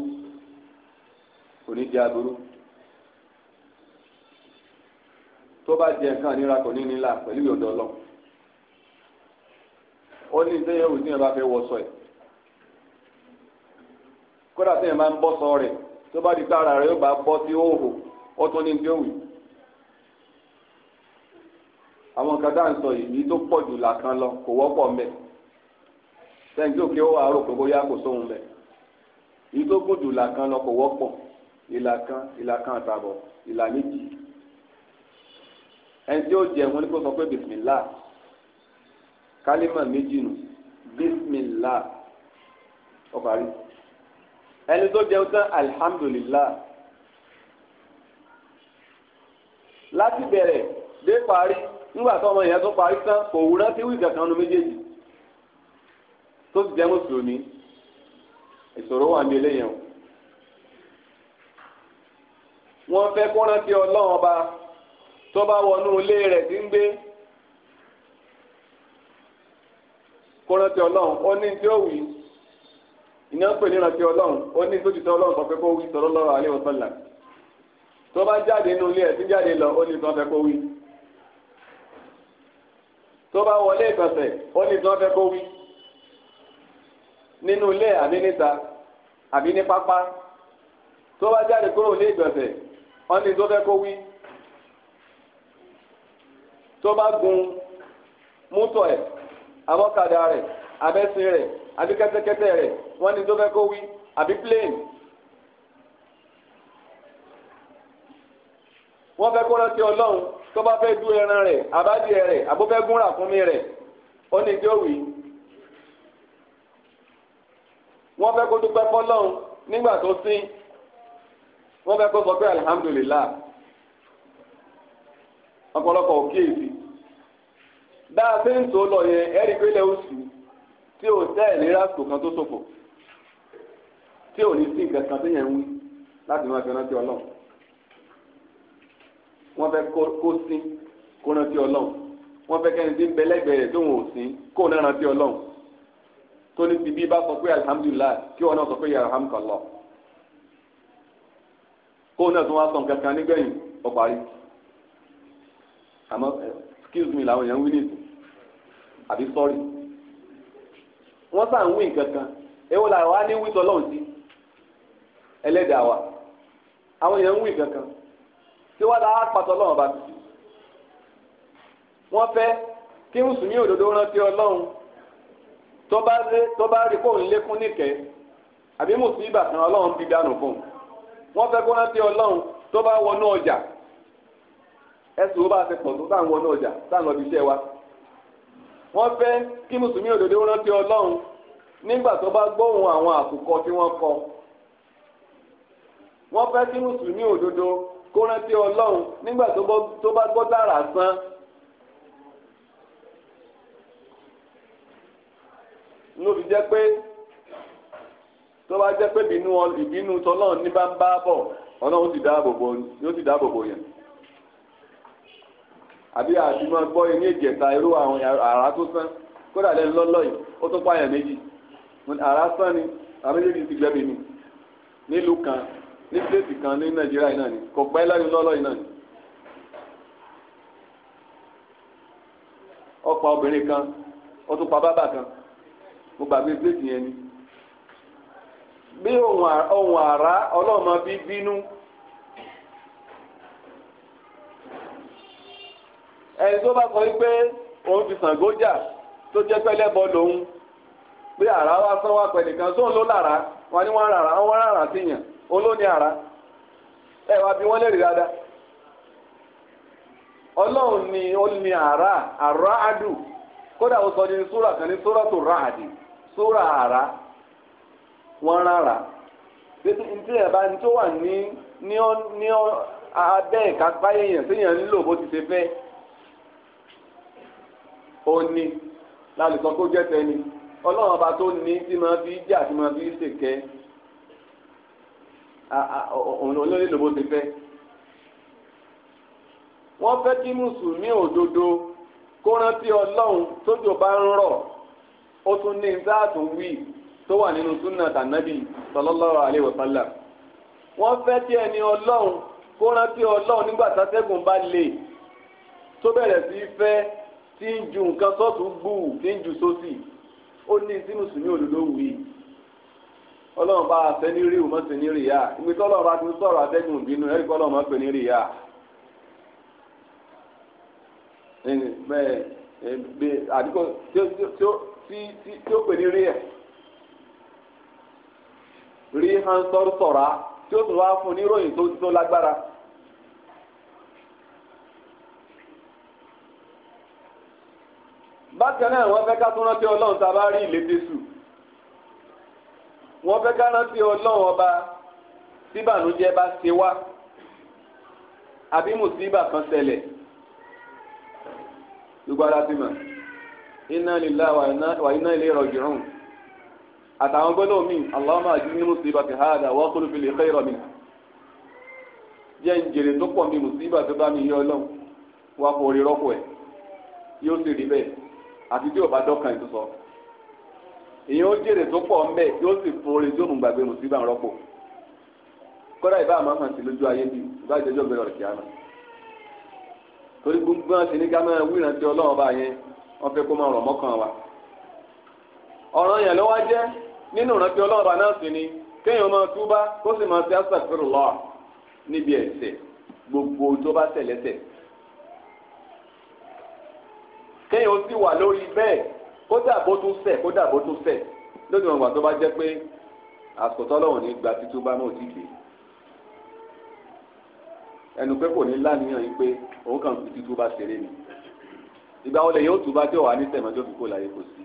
kò ní di aburú tó bá di ẹ̀kan nira kò ní nílà pẹ̀lú ìyọ̀dọ̀ ọlọ́run ó ní sẹ́yìn òwú tí yẹn bá fẹ́ wọṣọ ẹ̀ kódà sẹ́yìn máa ń bọ́ sọ rẹ̀ tó bá di pé ara rẹ̀ yóò bá bọ́ sí òhò ó tún ní tí àwọn kan dá ń sọ yìí tó pọ̀ jù làkan lọ kò wọ́pọ̀ mbẹ́ sẹ́yìn òkè ó wà á rò pé bóyá kò sóhun mbẹ́ yìí tó lọ kò wọ́pọ̀. ìlà kan ìlà kan àtàbọ̀ ìlà méjì ẹni tí ó jẹ wọn ni kó sọ pé bisimilá kálímà méjì nù bisimilá ọkàrí ẹni tó jẹun tán alihamudulilayi láti bẹ̀rẹ̀ dé parí nígbà tó ọmọ yẹn tó parí tán kò wúrán tí wíìgà kan nu méjèèjì tó ti jẹ́ mùsùlùmí ìṣòro wà ní eléyẹn wọ́n fẹ́ kó rántí ọlọ́run ọba tó bá wọnú ilé rẹ̀ tí ń gbé kó rántí ọlọ́run ó ní tí ó wì í ìní ọ̀pẹ̀ ní rántí ọlọ́run ó ní tó ti sọ ọlọ́run sọ pé kó wí sọ̀rọ̀ lọ́rọ̀ alẹ́ òsànlá tó bá jáde nínú ilé ẹ̀ tí jáde lọ ó ní tí wọ́n fẹ́ kó wí tó bá wọlé ìgbọ̀nsẹ̀ ó ní tí wọ́n fẹ́ kó wí nínú ilé àbí níta àbí ní pápá tó bá jáde kúrò ní ìgbọ̀nsẹ̀ wọ́n ní tó fẹ́ kó wí tó bá gun mútọ̀ ẹ̀ abọ́kadà rẹ̀ abẹ́sìn rẹ̀ àbí kẹ́tẹ́kẹ́tẹ́ rẹ̀ wọ́n ní tó fẹ́ kó wí àbí plane. wọ́n fẹ́ kó rántí ọlọ́run tó bá fẹ́ du ẹran rẹ̀ àbádìẹ rẹ̀ àbófẹ́ gúnra fún mi rẹ̀ ó ní tí ó wì wọ́n fẹ́ kó dúpẹ́ fọlọ́run nígbà tó sín wọ́n fẹ́ kó sọ pé alihamudulilá ọ̀pọ̀lọpọ̀ òkèèfì dáa ṣe ń tó lọ yẹn ẹ̀rí pé lẹ́wọ́ sí tí ò tẹ́ ní rásìkò kan tó ṣòfò tí ò ní sí nǹkan kan téèyàn ń wí láti máa fi rántí ọlọ́run wọ́n fẹ́ kó sí kó rántí ọlọ́run wọ́n fẹ́ kẹ́ni tí ń bẹ lẹ́gbẹ̀ẹ́ rẹ̀ tó wọn ò sí kó rántí ọlọ́run tó ní ti bí bá sọ pé alihamudulilayi kí wọn náà sọ pé yàrá hàmùkànlọ́ọ̀ kóun náà tún wá sọ nǹkan kan nígbẹ̀yìn ó parí àmọ́ eh, excuse me làwọn èèyàn ń wí nìyí àbí sorry wọ́n sàn ń wí nǹkan kan èwo là wá ní wíṣọ lọ́hùn sí ẹlẹ́dàá wa àwọn èèyàn ń wí nǹkan kan tí wọ́n dáa pàtó lọ́hùn bá ti wọ́n fẹ́ kí mùsùlùmí òdodo rántí ọlọ́run tó bá rí kóun lékún níkẹ́ àbí mùsùlùmí bàtàn ọlọ́run bí dànù fún un. wọ́n fẹ́ kó rántí ọlọ́run tó bá wọnú ọjà ẹ̀sùn ó bá ti pọ̀ tó tá à ń wọnú ọjà tá à ń lọ bí iṣẹ́ wa wọ́n fẹ́ kí mùsùlùmí òdòdó rántí ọlọ́run nígbà tó bá gbóhùn àwọn àkùkọ tí wọ́n kọ wọ́n fẹ́ kí mùsùlùmí òdodo kó rántí ọlọ́run nígbà tó bá gbọ́ dára san. ló fi jẹ́ pé tó bá jẹ́ pé ìbínú ìbínú tọ́lọ́run ní bá ń bá bọ̀ ọlọ́run ti dáàbò bò yóò ti dáàbò bò yẹn. àbí àtìmọ́ gbọ́ ẹni ìjẹta irú àwọn àrà tó sán kódà lẹ́nu lọ́lọ́ yìí ó tún pààyàn méjì àrà sán ni àméjèèjì ti gbẹ́bí ni nílùú kan ní pílẹ̀tì kan ní nàìjíríà yìí náà ni kò pẹ́ lẹ́nu lọ́lọ́ yìí náà ni. ó pa obìnrin kan ó tún pa bábà kan mo gbàgbé pílẹ̀tì yẹn ni. bí ohun àrá ọlọ́mọ bí bínú ẹni tó bá sọ wípé òun fi jà tó jẹ́ pẹ́lẹ́bọ lòun pé àrá wa sán wá pẹ̀lú kan ló lára wọn ni wọ́n rárá wọ́n rárá sí yàn òun ló ní àrá ẹ wá bí wọ́n lè rí ní wọ́n rárá nítorí ẹ̀bá ní tó wà ní ní abẹ́ ìkápá èèyàn téèyàn ń lò bó ti ṣe fẹ́ ó ní lálùsọ tó jẹ́ tẹni ọlọ́run ọba tó ní tí máa fi jẹ́ àti máa fi ṣèkẹ́ òun ló lè lò bó ti fẹ́ wọ́n fẹ́ kí mùsùlùmí òdodo kó rántí ọlọ́run tójò bá ń rọ̀ ó tún ní sáà tún wí tó wà nínú súnà tànàbì sallallahu alaihi wasallam wọ́n fẹ́ tí ẹni ọlọ́run kó rántí ọlọ́run nígbà tásẹ́gùn bá lè tó bẹ̀rẹ̀ sí í fẹ́ tí ń ju nǹkan sọ́ọ̀tù gbùù tí ń ju sósì ó ní sínú sùn ní òdodo wù yìí ọlọ́run bá a fẹ́ ní rí òun mọ́sẹ̀ ní rí yá ìgbé tó ọlọ́run bá ti sọ̀rọ̀ atẹ́gùn ìbínú ẹ̀rí kọ́ ọlọ́run mọ́sẹ̀ ní rí yá. àdìgbò tí ó pè ní rí ẹ̀ rí hàn sọ́rọ́ sọ̀rá tí ó tún wá fún níròyìn tó tó lágbára. bákan náà wọ́n fẹ́ ká tún rántí ọlọ́run tá a bá rí ìlédè sùn wọ́n fẹ́ ká rántí ọlọ́run ọba tíbànújẹ́ bá ṣe wá àbí mùsíbà kan ṣẹlẹ̀ gbogbo ti mọ̀ iná lílá wà iná ilé rọ̀jùrùn àtàwọn gbọ́dọ̀ mi Allahumma ajirni musibati hada wa khulfi li khayra minha jẹ́ ń jèrè tó pọ̀ mi musiba tó bá mi yọ ọlọ́run wá kó orí rọ́pò ẹ̀ yóò sì rí bẹ́ẹ̀ àti tí ò bá dọ́kan ètò sọ èyàn ó jèrè tó pọ̀ ńbẹ yóò sì forí tó mú gbàgbé musiba ń rọ́pò kódà ìbá àmọ́ hàn sí lójú ayé bí ìbá ìjọjọ́ bẹ̀rẹ̀ ọ̀rẹ́ kíá náà torí gbogbo nínú ìrántí ọlọ́run bá náà sì ni kéèyàn máa túbá kó sì máa ṣe astaghfirullah níbi ẹ̀ṣẹ̀ gbogbo tó bá tẹ̀lẹ́tẹ̀ kéèyàn sì wà lórí bẹ́ẹ̀ kódà bó tún ṣẹ̀ kódà bó tún ṣẹ̀ lónìí wọn gbà tó bá jẹ́ pé àsìkò tọ́lọ́run ní gba títúbá náà ti gbé ẹnu pé kò ní láníyàn yìí pé òun kàn fi títúbá ṣeré ni ìgbà wọlé yóò túbá tí ò wà ní tẹ̀mọ́jọ́ fi kó láyé kò sí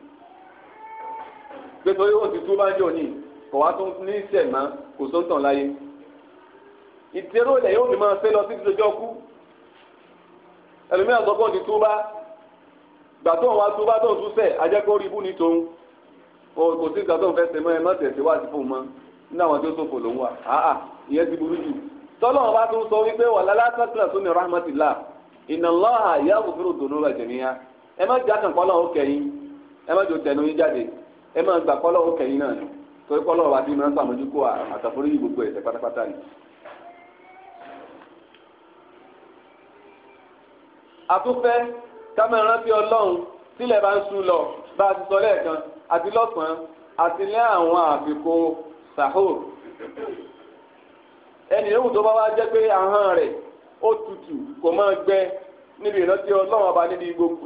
nítorí ó ti túbá jò ní kò wá tó ní sẹ̀mọ́ kò tó ń tàn láyé ìtẹ́rù ilẹ̀ yóò fi máa ṣe lọ títí lójọ́ kú ẹlòmíràn sọ́kọ́ ti túbá gbà tó ń wá túbá tó ń túṣẹ̀ ajẹ́kọ́ rí ibú ní tòun kò sí ìgbà tó ń fẹ́ sẹ́mọ́ ẹ má tẹ̀sí wá sí mọ́ nínú àwọn tí ó sòfò lòún wà áà ìyẹn ti burú jù tọ́lọ́wọ́n bá tún sọ wípé jami'a ẹ má jẹ́ àkànkọ́ lọ́wọ́ kẹ́yìn ẹ má ẹ máa gbà kọ́ lọ́wọ́ kẹ́yìn náà ni torí kọ́ lọ́wọ́ àti ìmọ̀ sàmójúkọ́ àtàforíjì gbogbo ẹ̀ṣẹ̀ pátápátá ni. àtúfẹ́ kámẹ́rán tí ọlọ́run sílẹ̀ bá ń sùn lọ bá a ti sọ lẹ́ẹ̀kan àti lọ́sàn-án àti lẹ́ àwọn àfikò sahur ẹnì yòówù tó bá wá jẹ́ pé ahọ́n rẹ̀ ó tutù kò máa gbẹ níbi ìrántí ọlọ́run ọba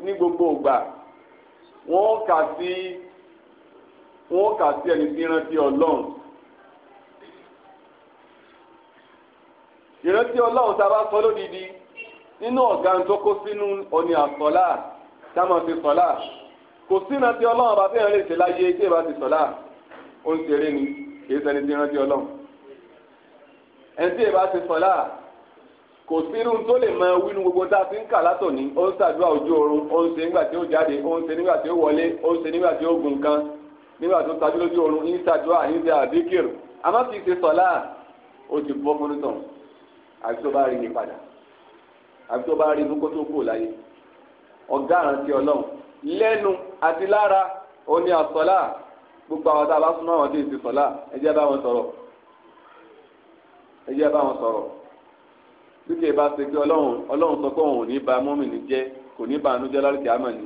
ní gbogbo ògbà wọ́n kà sí wọn kà sí ẹni tí rántí ọlọ́run. ìrántí ọlọ́run tá a bá sọ lódìdí nínú ọ̀gá tó kó sínú ọ̀nì àsọ̀lá tá a máa fi sọ̀lá kò sí ìrántí ọlọ́run bá fẹ́ràn lè ṣe láyé tí èèyàn bá ti sọ̀lá ó ń ṣeré ni kì í ṣẹni tí rántí ọlọ́run. ẹni tí èèyàn bá ti sọ̀lá kò sírú tó lè mọ ewu inú gbogbo tá a ti ń kà látòní ó ń ṣàdúrà ojú oorun ó ń ṣe nígbà tí ó jáde ó ń ṣe nígbà tí ó wọlé ó ń ṣe nígbà tí ó gùn kan nígbà tó tajú lójú oorun ní sàdúrà àyíǹde àbíkìr àmọ́ kì í ṣe sọ̀lá ó ti bọ́ fúnitàn àbí tó bá rí ni padà àbí tó bá rí inú kó tó kù láyé ọ̀gá àrántí ọlọ́run lẹ́nu àti lára ó ní àsọ̀lá gbogbo àwọn tá a bá súnmọ́ àwọn tí ì ṣe sọ̀lá ẹ jẹ́ bá wọn sọ̀rọ̀ ẹ jẹ́ bá wọn sọ̀rọ̀ bí kìí ṣe pé ọlọ́run sọ pé òun ò ní ba mọ́mìnì jẹ́ kò ní ba ànújẹ́ lálùkì àmọ̀ ni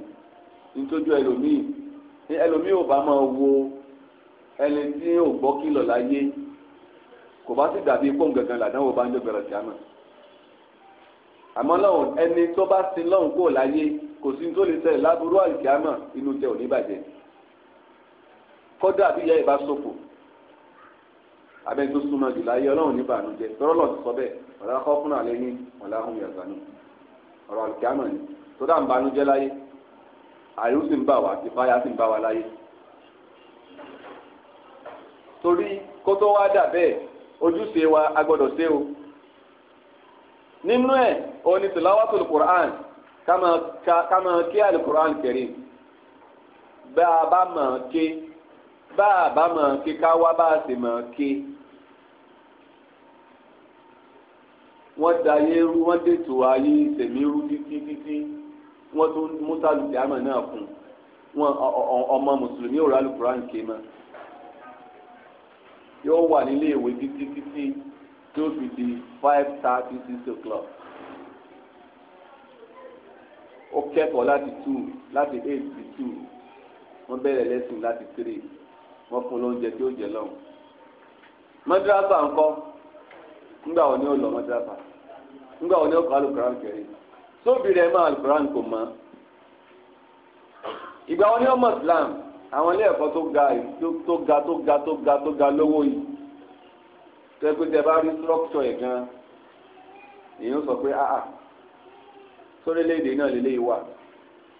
nítójú ẹlòmíì ní ẹlòmíì ò bá máa wo ẹni tí ò gbọ́ kìlọ̀ láyé kò bá sì dàbí pọ́ùn gangan làdánwò bá ń jọ gbẹ̀rẹ̀ sí àná àmọ́ lọ́hùn ẹni tó bá sin lọ́hùn kó láyé kò sí tó lè ṣẹlẹ̀ láburú àlìkámà inú tẹ ò ní bàjẹ́ kódà bí ìyá ìbá sòfò abẹ́ni tó súnmọ́ jù láyé ọlọ́run ní bànújẹ́ tọ́rọ́ lọ́ọ̀ ti sọ bẹ́ẹ̀ ọ̀la fúnra lẹ́yìn ọ̀la hùn yàtọ̀ nù ọ̀rọ̀ ni tó dà ń bànújẹ́ láyé àìrú sì ń bà wá àti fáyà sì ń bà wá láyé torí kó tó wá dà bẹ́ẹ̀ ojúṣe wa a gbọ́dọ̀ ṣe o nínú ẹ̀ òun ni tìláwàtò Qur'an ká máa kí al-Qur'an Karim bá a bá máa ké bá a bá máa ké ká wá bá a sì máa ké. wọ́n dayé rú wọ́n dètò ayé ìsẹ̀mí rú títí títí wọ́n tún musa lùdíàmà náà fún wọn ọmọ mùsùlùmí ò rálù quran ké mọ́ yóò wà nílé ìwé títí títí tí ó fi di five thirty six o'clock ó kẹ́kọ̀ọ́ láti two láti eight sí two wọ́n bẹ̀rẹ̀ lẹ́sìn láti three wọ́n fún lóúnjẹ tí ó jẹ lọ́hùn. mọ́dúrásà ńkọ́ ńgbà wo ni ó lọ mọ́dúrásà ńgbà wo ni ó kọ́ àlùkò ránkẹ́rì tóbi rẹ̀ máa alukuran kò mọ́ ìgbà wọn ní ọmọ Islam àwọn ilé ẹ̀kọ́ tó ga tó ga tó ga tó ga tó ga lówó yìí tẹ́gbẹ́tẹ́ bá rí structure yẹn gan èèyàn sọ pé ah ah sórílẹ̀-èdè náà lélẹ́yìí wà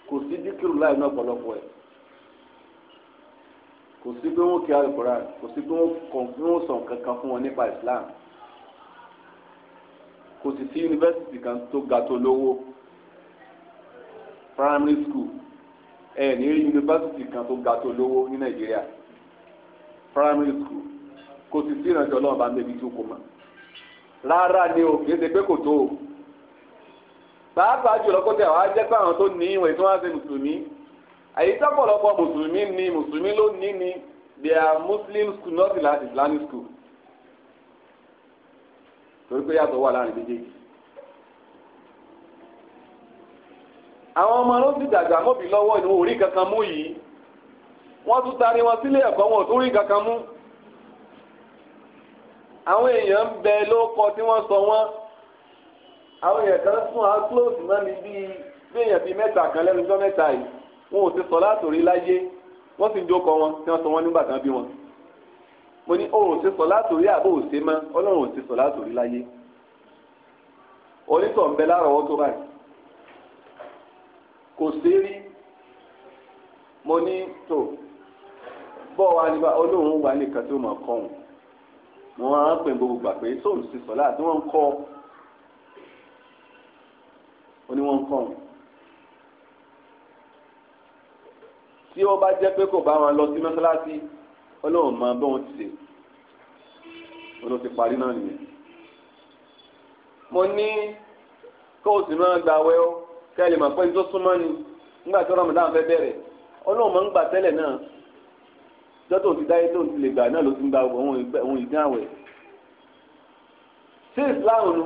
kò sí díkìrù láì náà pọ̀lọpọ̀ ẹ̀ kò sí pé wọ́n kí alukuran kò sí pé wọ́n sọ kankan fún wọn nípa Islam kò sì sí yunifásitì kan tó ga tó lówó primary school ẹ ní rí yunifásitì kan tó ga tó lówó ní nàìjíríà primary school kò sì sí ìrànjọ ọlọ́run bá ń débi tó kò mọ̀ rárá ni o kì í ṣe pé kò tó o pàápàá jùlọ kó tẹ àwọn ajẹ́pẹ́ àwọn tó ní ìwọ̀n tí wọ́n á ṣe mùsùlùmí àyè sọ́pọ̀lọpọ̀ mùsùlùmí ni mùsùlùmí ló ní ni they are muslim school not islamic school torí pé yàtọ̀ wà láàrin méjèèjì àwọn ọmọ ló ti dàgbà mọ́bì lọ́wọ́ ìwọ orí kankan mú yìí wọ́n tún taari wọn sílé ẹ̀kọ́ wọn ò tún rí kankan mú àwọn èèyàn ń bẹ ló kọ tí wọ́n sọ wọ́n àwọn èèyàn kan sún á close mọ́ mi bíi bí èèyàn bíi mẹ́ta kan lẹ́nu jọ́ mẹ́ta yìí wọn ò ti sọ látòrí láyé wọ́n sì ń jókọ wọn tí wọ́n sọ wọ́n nígbà kan bí wọn mo ní òun ò ti sọ látòrí àbò òsè mọ́ ọlọ́run ò ti sọ látòrí láyé onítọ̀ ń bẹ lárọ̀ọ́wọ́ tó báyìí kò sí rí mo ní tò bọ́ wa ní bá olóhùn wa nìkan tó mọ̀ kọ́hùn mo máa ń pè gbogbo gbà pé tóun sì sọ́lá tí wọ́n ń kọ́ ó ní wọ́n ń kọ́hùn. tí ó bá jẹ́ pé kò bá wọn lọ sí mọ́sálásí ọlọ́run mọ bí wọ́n ti ṣe olóò ti parí náà nìyẹn. mo ní kó o sì máa o kẹ́lẹ̀ mà pé ní tó súnmọ́ ni ńgbà tó rọmọdán fẹ́ bẹ̀rẹ̀ ọlọ́run máa ń gbà tẹ́lẹ̀ náà jọ́tò ti dáyé tó ń ti lè gbà náà ló ti ń gba ohun ìdín àwẹ̀ sí Islam nu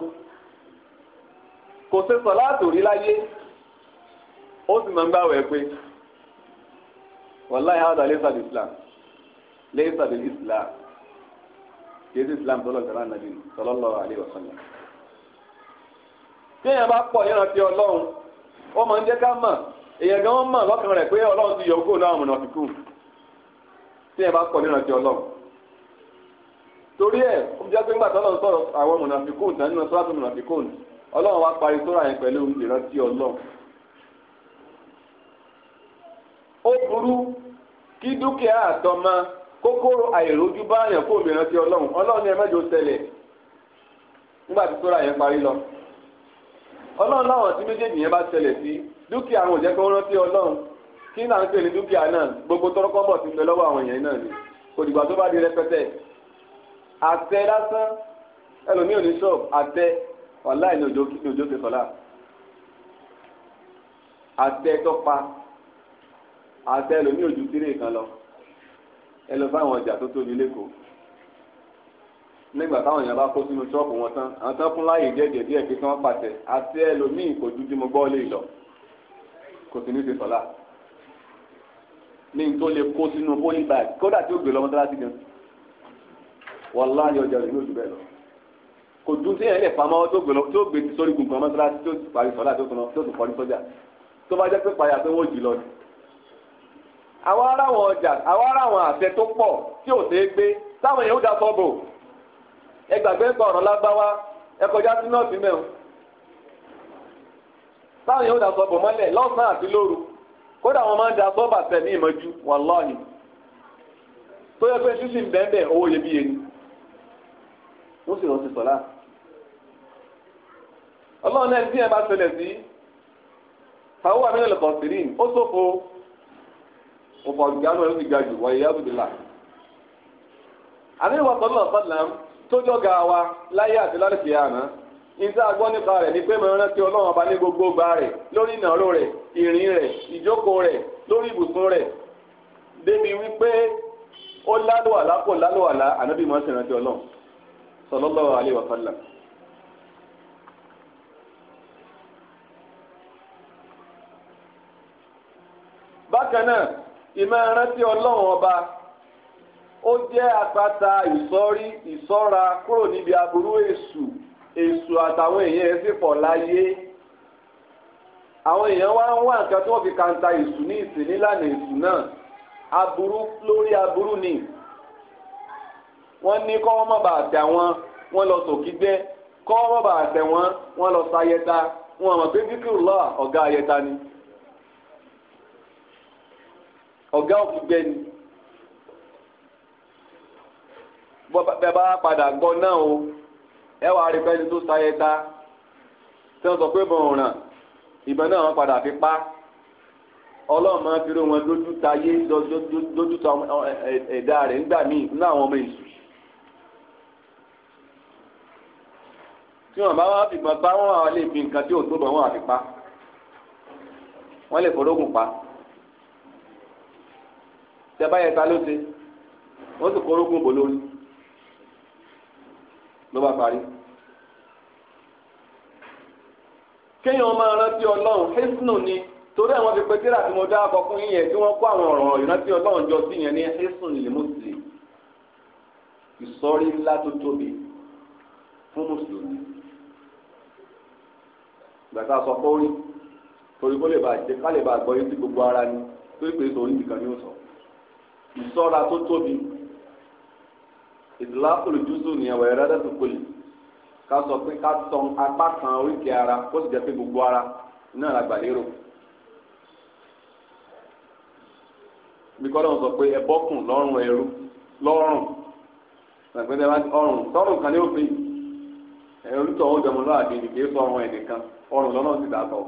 kò ṣe sọ látòrí láyé ó sì máa ń gbà wẹ̀ pé wàláyé hàdà lẹ́sà di Islam lẹ́sà di Islam kì í sí Islam tó lọ gbàrà nàbí sallallahu alaihi wasallam. téèyàn bá pọ̀ yẹn rántí ọlọ́run. Ọ máa ń jẹ́ ká mọ̀ èèyàn gan mọ̀ lọ́kàn rẹ̀ pé ọlọ́run ti yọ ogún náà mọ̀nà fi tí ẹ bá kọ̀ nínú torí ẹ, ó jẹ́ pé sọ̀rọ̀ àwọn tán nínú sọ́lá ọlọ́run wá parí yẹn pẹ̀lú ìrántí ọlọ́run ó burú kí dúkìá ti ọlọ́run láwọn tí méjèèjì yẹn bá ṣẹlẹ̀ sí dúkìá àwọn òjẹ́ pé wọ́n rántí ọlọ́run kí náà ń pè ní dúkìá náà gbogbo tọrọkọ́bọ̀ ti ń bẹ lọ́wọ́ àwọn èèyàn náà ni òdìgbà tó bá di rẹpẹtẹ àtẹ lásán ẹlòmíì ò ní ṣọ́ọ̀bù àtẹ ọ̀la ìní òjò ti sọ̀la àtẹ tó àtẹ ẹlòmíì òjò tíré kan lọ ẹ lọ fáwọn ọjà lẹ́kọ̀ọ́ nígbà táwọn èèyàn bá kó sínú ṣọ́ọ̀bù wọn tán àwọn tán fún láàyè díẹ̀díẹ̀ díẹ̀ pé kí wọ́n pàṣẹ àti ẹlòmíì kò ju dímú bọ́ọ̀lù ìlọ kò sì ní ṣe sọ́lá ní n tó lè kó sínú bólí báyìí kódà tí ó gbé lọ́mọdé láti gan wọ́n láàyè ọjà rẹ̀ ní òjò bẹ́ẹ̀ lọ kò dùn sí ẹ̀yìn lè pamọ́ tó gbé tó gbé sórí gbùngbùn ọmọ sọ́lá tó parí sọ́lá tó tún kọrí sọ́jà tó bá jẹ́ pé payà tó wọ́n jì lọ ni. àwọn aráwọn ọjà àwọn aráwọn àṣẹ tó pọ̀ tí ò ṣeé gbé táwọn èèyàn ó da sọ́bù ẹgbàgbé ń pa ọ̀rọ̀ lágbáwá ẹ si sí nọ́ọ̀sì mẹ́rin táwọn yóò da sọ́bọ̀ mọ́lẹ̀ lọ́sàn-án àti lóru kódà wọn máa ń da sọ́bà ní ìmọ̀jú tó yẹ pé ń bẹ́ẹ̀ owó iyebíye ni wọ́n sì rọ̀ sí sọ̀lá ọlọ́run náà tí ẹ bá ṣẹlẹ̀ sí fàwọn àmì ó ló ti ga jù tó jọ̀gá wa láyé àti lálùkì àná ìta àgbọ́ nípa rẹ̀ ni pé mo rántí ọlọ́run ọba ní gbogbo gba rẹ̀ lórí ìnáró rẹ̀ ìrìn rẹ̀ ìjókòó rẹ̀ lórí ibùsùn rẹ̀ débi wípé ó lálùwàlá kò lálùwàlá ànábì mọ́ sí rántí ọlọ́run sallallahu alaihi wa sallam. bákan náà ìmọ̀ rántí ọlọ́run ọba jẹ́ àpáta ìsọ́rí ìsọ́ra kúrò níbi aburú èṣù èṣù àtàwọn èèyàn ẹ̀ sì pọ̀ láyé àwọn èèyàn wá ń wá nǹkan tí wọ́n fi kàńtà èṣù ní ìsìn nílànà èṣù náà aburú lórí aburú ni wọ́n ní kọ́ wọ́n má bàa tẹ̀ wọ́n wọ́n lọ sòkígbẹ́ kọ́ wọ́n má bàa tẹ̀ wọ́n wọ́n lọ sayẹta wọn mọ̀ pé bíkìrù lọ́à ọ̀gá ayẹta ni ọ̀gá òkúgbẹ́ ni. bẹ́ẹ̀ bá padà gbọ́ náà o ẹ wàá rí pẹ́ẹ́ni tó sáyẹ ta tí wọ́n sọ pé bọ̀ ọ̀ràn ìbọn náà wọ́n padà fi pa ọlọ́run máa fi ró wọn lójú ta yé lójú ta ẹ̀dá rẹ̀ nígbà míì nínú àwọn ọmọ èṣù. tí wọn bá wá fìgbọn bá wọn àwọn lè fi nǹkan tí ò tó bọ̀ wọn àfi pa wọn lè forógùn pa tẹ báyẹn ta ló ṣe wọn sì forógùn bò lórí ló bá parí. kéèyàn máa rántí ọlọ́run hesnu ni torí àwọn ti pété àti mo dá abọ fún yíyẹn tí wọ́n kó àwọn ọ̀ràn ìrántí ọlọ́run jọ sí yẹn ní hesnu lè mùsùlùmí ìsọ̀rí ńlá tó tóbi fún mùsùlùmí gbàtà sọ fọ́ọ̀rì torí kó lè bá jẹ ká lè bá gbọ́ yín sí gbogbo ara ni tó ìpèsè orí nìkan ni ó sọ ìsọ̀ra tó tóbi ìdílákùlù jùzù nìyẹn wẹ̀ rẹ́rẹ́ tó kọlì ká pé ká tọ apá kan oríkèé ara kó sì jẹ́ pé gbogbo ara náà la gbà lérò. sọ pé lọ́rùn ọrùn tọ́rùn kan ní òfin ó lọ́wọ́ kì í sọ ọrùn ọrùn lọ́nà dàtọ̀.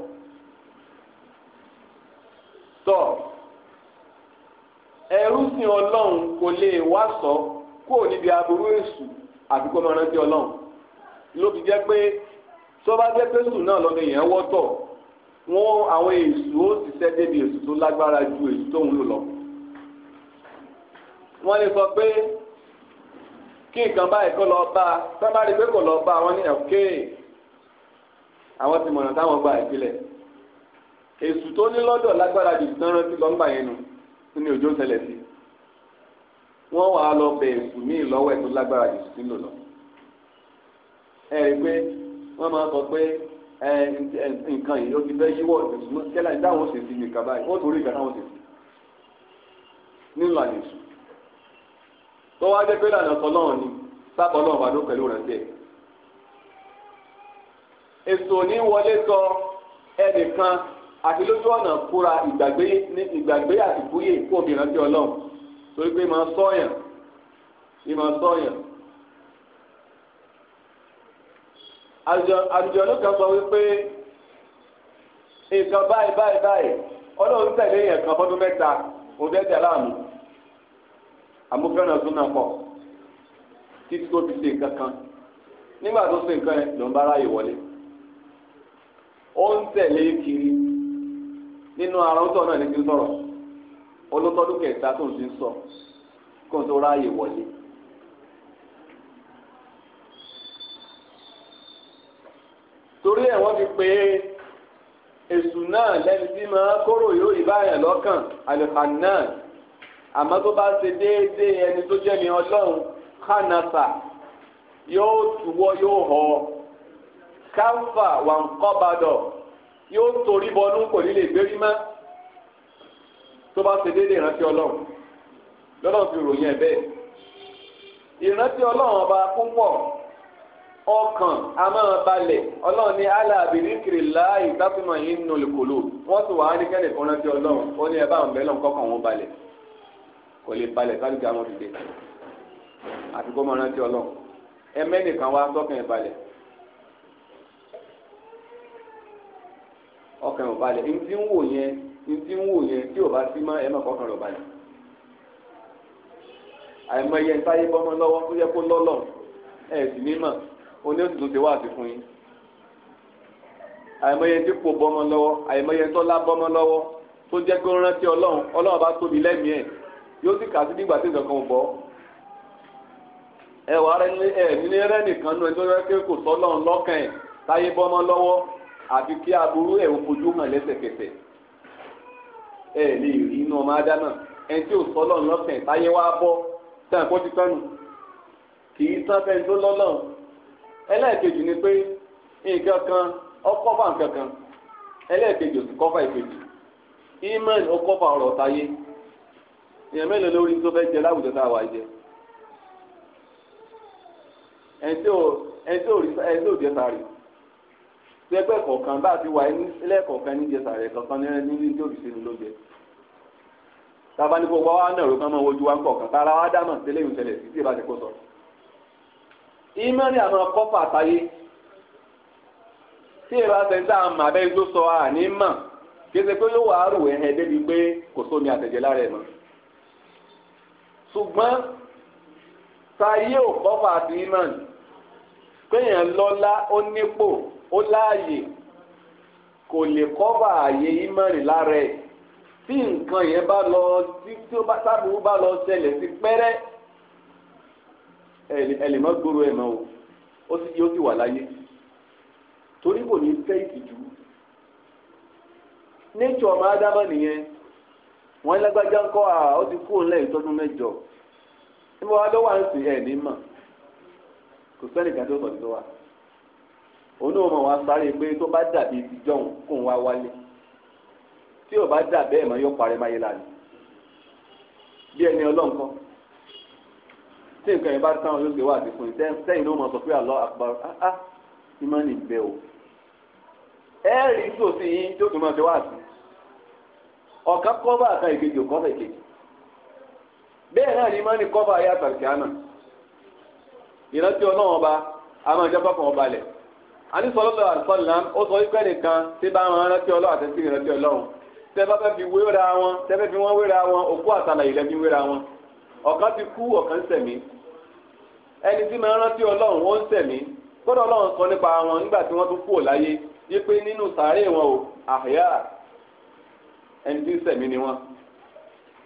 sọ. kúrò níbi aburú èṣù àti kó máa rántí ọlọ́run ló fi jẹ́ pé sọ́ba jẹ́ pé sùn náà lọ́mọ èèyàn wọ́tọ̀ wọn àwọn èṣù ó sì ṣẹ́ débi èṣù tó lágbára ju èṣù tó ń lò lọ. wọ́n lè sọ pé kí nǹkan báyìí kó lọ bá a sábà rí pé kò lọ bá a wọ́n ní ẹ̀kẹ́ àwọn ti mọ̀nà táwọn gba ìpìlẹ̀ èṣù tó ní lọ́dọ̀ lágbára ju ìtàn rántí lọ́ngbà yẹn nu ní òjò ṣẹlẹ̀ sí wọ́n wà á lọ bẹ̀ ẹ̀sùn míì lọ́wọ́ ẹ̀ tó lágbára jù sí lò lọ. ẹ rí i pé wọ́n máa sọ pé nǹkan yìí ó ti fẹ́ yíwọ́ ìṣùnú kẹ́lá ní táwọn òṣèṣì ní ìkàbá yìí wọ́n torí ìkà táwọn òṣèṣì nílò àdìsù. tó wá jẹ́ pé lànà tọ́lọ́run ni sábọ̀ lọ́wọ́ àdó pẹ̀lú rẹ̀ bẹ́ẹ̀. èso ní wọlé sọ ẹnìkan àti lójú ọ̀nà kúra ìgbàgbé àti kúyè kó obìnrin rántí ọlọ́run torí pé máa sọ̀yàn ní máa sọ̀yàn. àlùjọ ló kan sọ wípé nǹkan báyìí báyìí báyìí ọlọ́run tẹ̀lé yẹn kan fọ́dún mẹ́ta òun tẹ̀lé àmúfẹ́ràn pọ̀ títí tó fi nǹkan kan nígbà tó nǹkan yẹn bá ráyè wọlé ó ń tẹ̀lé kiri nínú ara ń tọ̀ náà ní kí sọ̀rọ̀. olótọ́dún kẹta tó ń fi sọ kó n tó ráàyè wọlé. torí ẹ̀ wọ́n ti pè é èsù náà lẹ́ni tí máa kóró yóò ìbáyàn lọ́kàn alìkànnán àmọ́ tó bá ṣe déédéé ẹni tó jẹ́ ní ọlọ́run kánasa yóò túwọ́ yóò họ káfà wà ń kọ́ badọ̀ yóò torí bọnú kò ní lè gbérí mọ́ tó bá ṣe déédéé ìrántí ọlọ́run lọ́lọ́run fi ròyìn ẹ̀ bẹ́ẹ̀ ìrántí ọlọ́run ọba púpọ̀ ọkàn amábalẹ̀ ọlọ́run ní aláàbí nìkiri láàyè sátúmọ̀ yìí nínú olùkòlò wọ́n ti wà á ní kẹ́lẹ̀ kan rántí ọlọ́run ó ní ẹ̀bá àwọn bẹ́lọ̀ kọ́kàn wọn balẹ̀ kò lè balẹ̀ sálùkì àwọn dìde àti kó máa rántí ọlọ́run ẹmẹ́nìkan wá sọ́kàn ẹ̀ balẹ̀ ọkàn ẹ̀ balẹ̀ ntí ń wò yẹn ntí ń wò yẹn tí ò bá sí mọ́ ẹ má kọ́kàn rẹ̀ balẹ̀ àìmọye ń táyé bọ́mọ lọ́wọ́ tó yẹ kó lọ́lọ́ ẹ̀ sì ní mọ̀ oní òtútù ti wá àti fún yín àìmọye ń dípò bọ́mọ lọ́wọ́ àìmọye ń tọ́lá bọ́mọ lọ́wọ́ tó jẹ́ pé ó rántí ọlọ́run ọlọ́run bá tóbi lẹ́mìí ẹ̀ yóò sì kà sí nígbà tí ìjọkan ò bọ́ ẹwà rẹ ní ẹ ní rẹ nìkan nú ẹ tó yẹ kó sọ́lọ́run lọ́kàn ẹ̀ táyé bọ́mọ lọ́wọ́ àfi kí aburú ẹ̀ ò hàn lẹ́sẹ̀kẹsẹ̀ ẹ lè rí inú ọmọ ádámà ẹni tí ò sọlọ lọsẹ táyé wá bọ tán kó ti tánu kì í tán fẹni tó lọ náà ẹlẹ́ẹ̀kejì ni pé nǹkan kan ọkọ̀ bá nǹkan kan ẹlẹ́ẹ̀kejì ò sì kọ́fà ìkejì iman ó kọ́fà ọ̀rọ̀ táyé èèyàn mélòó lórí tó fẹ́ jẹ láwùjọ tá a wà jẹ ẹni tí ò rí ẹni tí ò jẹ sáré pẹ́pẹ́ kọ̀ọ̀kan bá a ti wà ní lẹ́ẹ̀kọ̀ọ̀kan ní ìjẹsà rẹ̀ kankan ní ní tí òrìṣẹ́ ni ló jẹ. tába ní gbogbo wa náà rògbọ́n máa wojú wa ń kọ̀ọ̀kan tára wa dámọ̀ tẹ́lẹ̀ yóò ṣẹlẹ̀ sí tí ìbá ti kó sọ. ìmọ̀ni àwọn kọ́fà àtayé tí ìbá sẹ́ńtà àmà abẹ́ tó sọ àní mọ̀ kéde pé yóò wà á rò ẹ̀hẹ́ débi pé kò sómi àtẹ̀jẹ́ lára ẹ̀ mọ́. ṣùgbọ́n tayé ò kọ́fà àti ìmọ̀ni péyàn lọ́lá ó nípò ó láàyè kò lè kọ́bà àyè ìmọ̀rìn lára ẹ̀ tí nǹkan yẹn bá lọ tí tí ó bá sábúrú bá lọ ṣẹlẹ̀ sí pẹ́rẹ́ ẹlẹ́mọ́ gbòòrò ẹ̀ o ó sì yóò ti wà láyé torí kò ní fẹ́ ìtìjú nature ọmọ nìyẹn lágbájá ń kọ́ à ti kú mẹ́jọ níbo lọ́wọ́ à ń sìn ẹ̀ ní mọ̀ kò onímọ̀ wa sáré pé tó bá dàbí ìjọhún fún wa wálé tí ò bá dà bẹ́ẹ̀ mọ́ yóò parí máyé lánàá bí ẹni ọlọ́run kan tí nǹkan yẹn bá táwọn olóògbé wà dé fún yín sẹ́yìn ló mọ̀ sọ pé àlọ́ àpárọ̀ áá ìmọ̀ ní bẹ́ o ẹ rí sòsì yín tó tún máa ṣe wá sí ọ̀kan kọ́bà kan ìkejì òkọ́bà ìkejì bẹ́ẹ̀ náà ni ìmọ̀ ní kọ́bà ayé àtàkì àná ìrántí ọlọ́run ọba àmọ́ ìjọba kan ọba lẹ̀ anisọlọlọ àlùfọlùlám ó sọ wípé nìkan tí bá wọn rántí Ọlọ́run àti tí ìrántí Ọlọ́run tẹ bá fẹ́ fi wéra wọn tẹ fẹ́ fi wọn wéra wọn òkú àtàlàyé lẹbi wéra wọn ọ̀kan ti kú ọ̀kan sẹ̀mí ẹni tí máa rántí Ọlọ́run wọn ń sẹ̀mí gbọ́dọ̀ Ọlọ́run sọ nípa wọn nígbà tí wọn tún kú òláyé wípé nínú sàárè wọn ò àhíyá ẹni tí ń sẹ̀mí ni wọn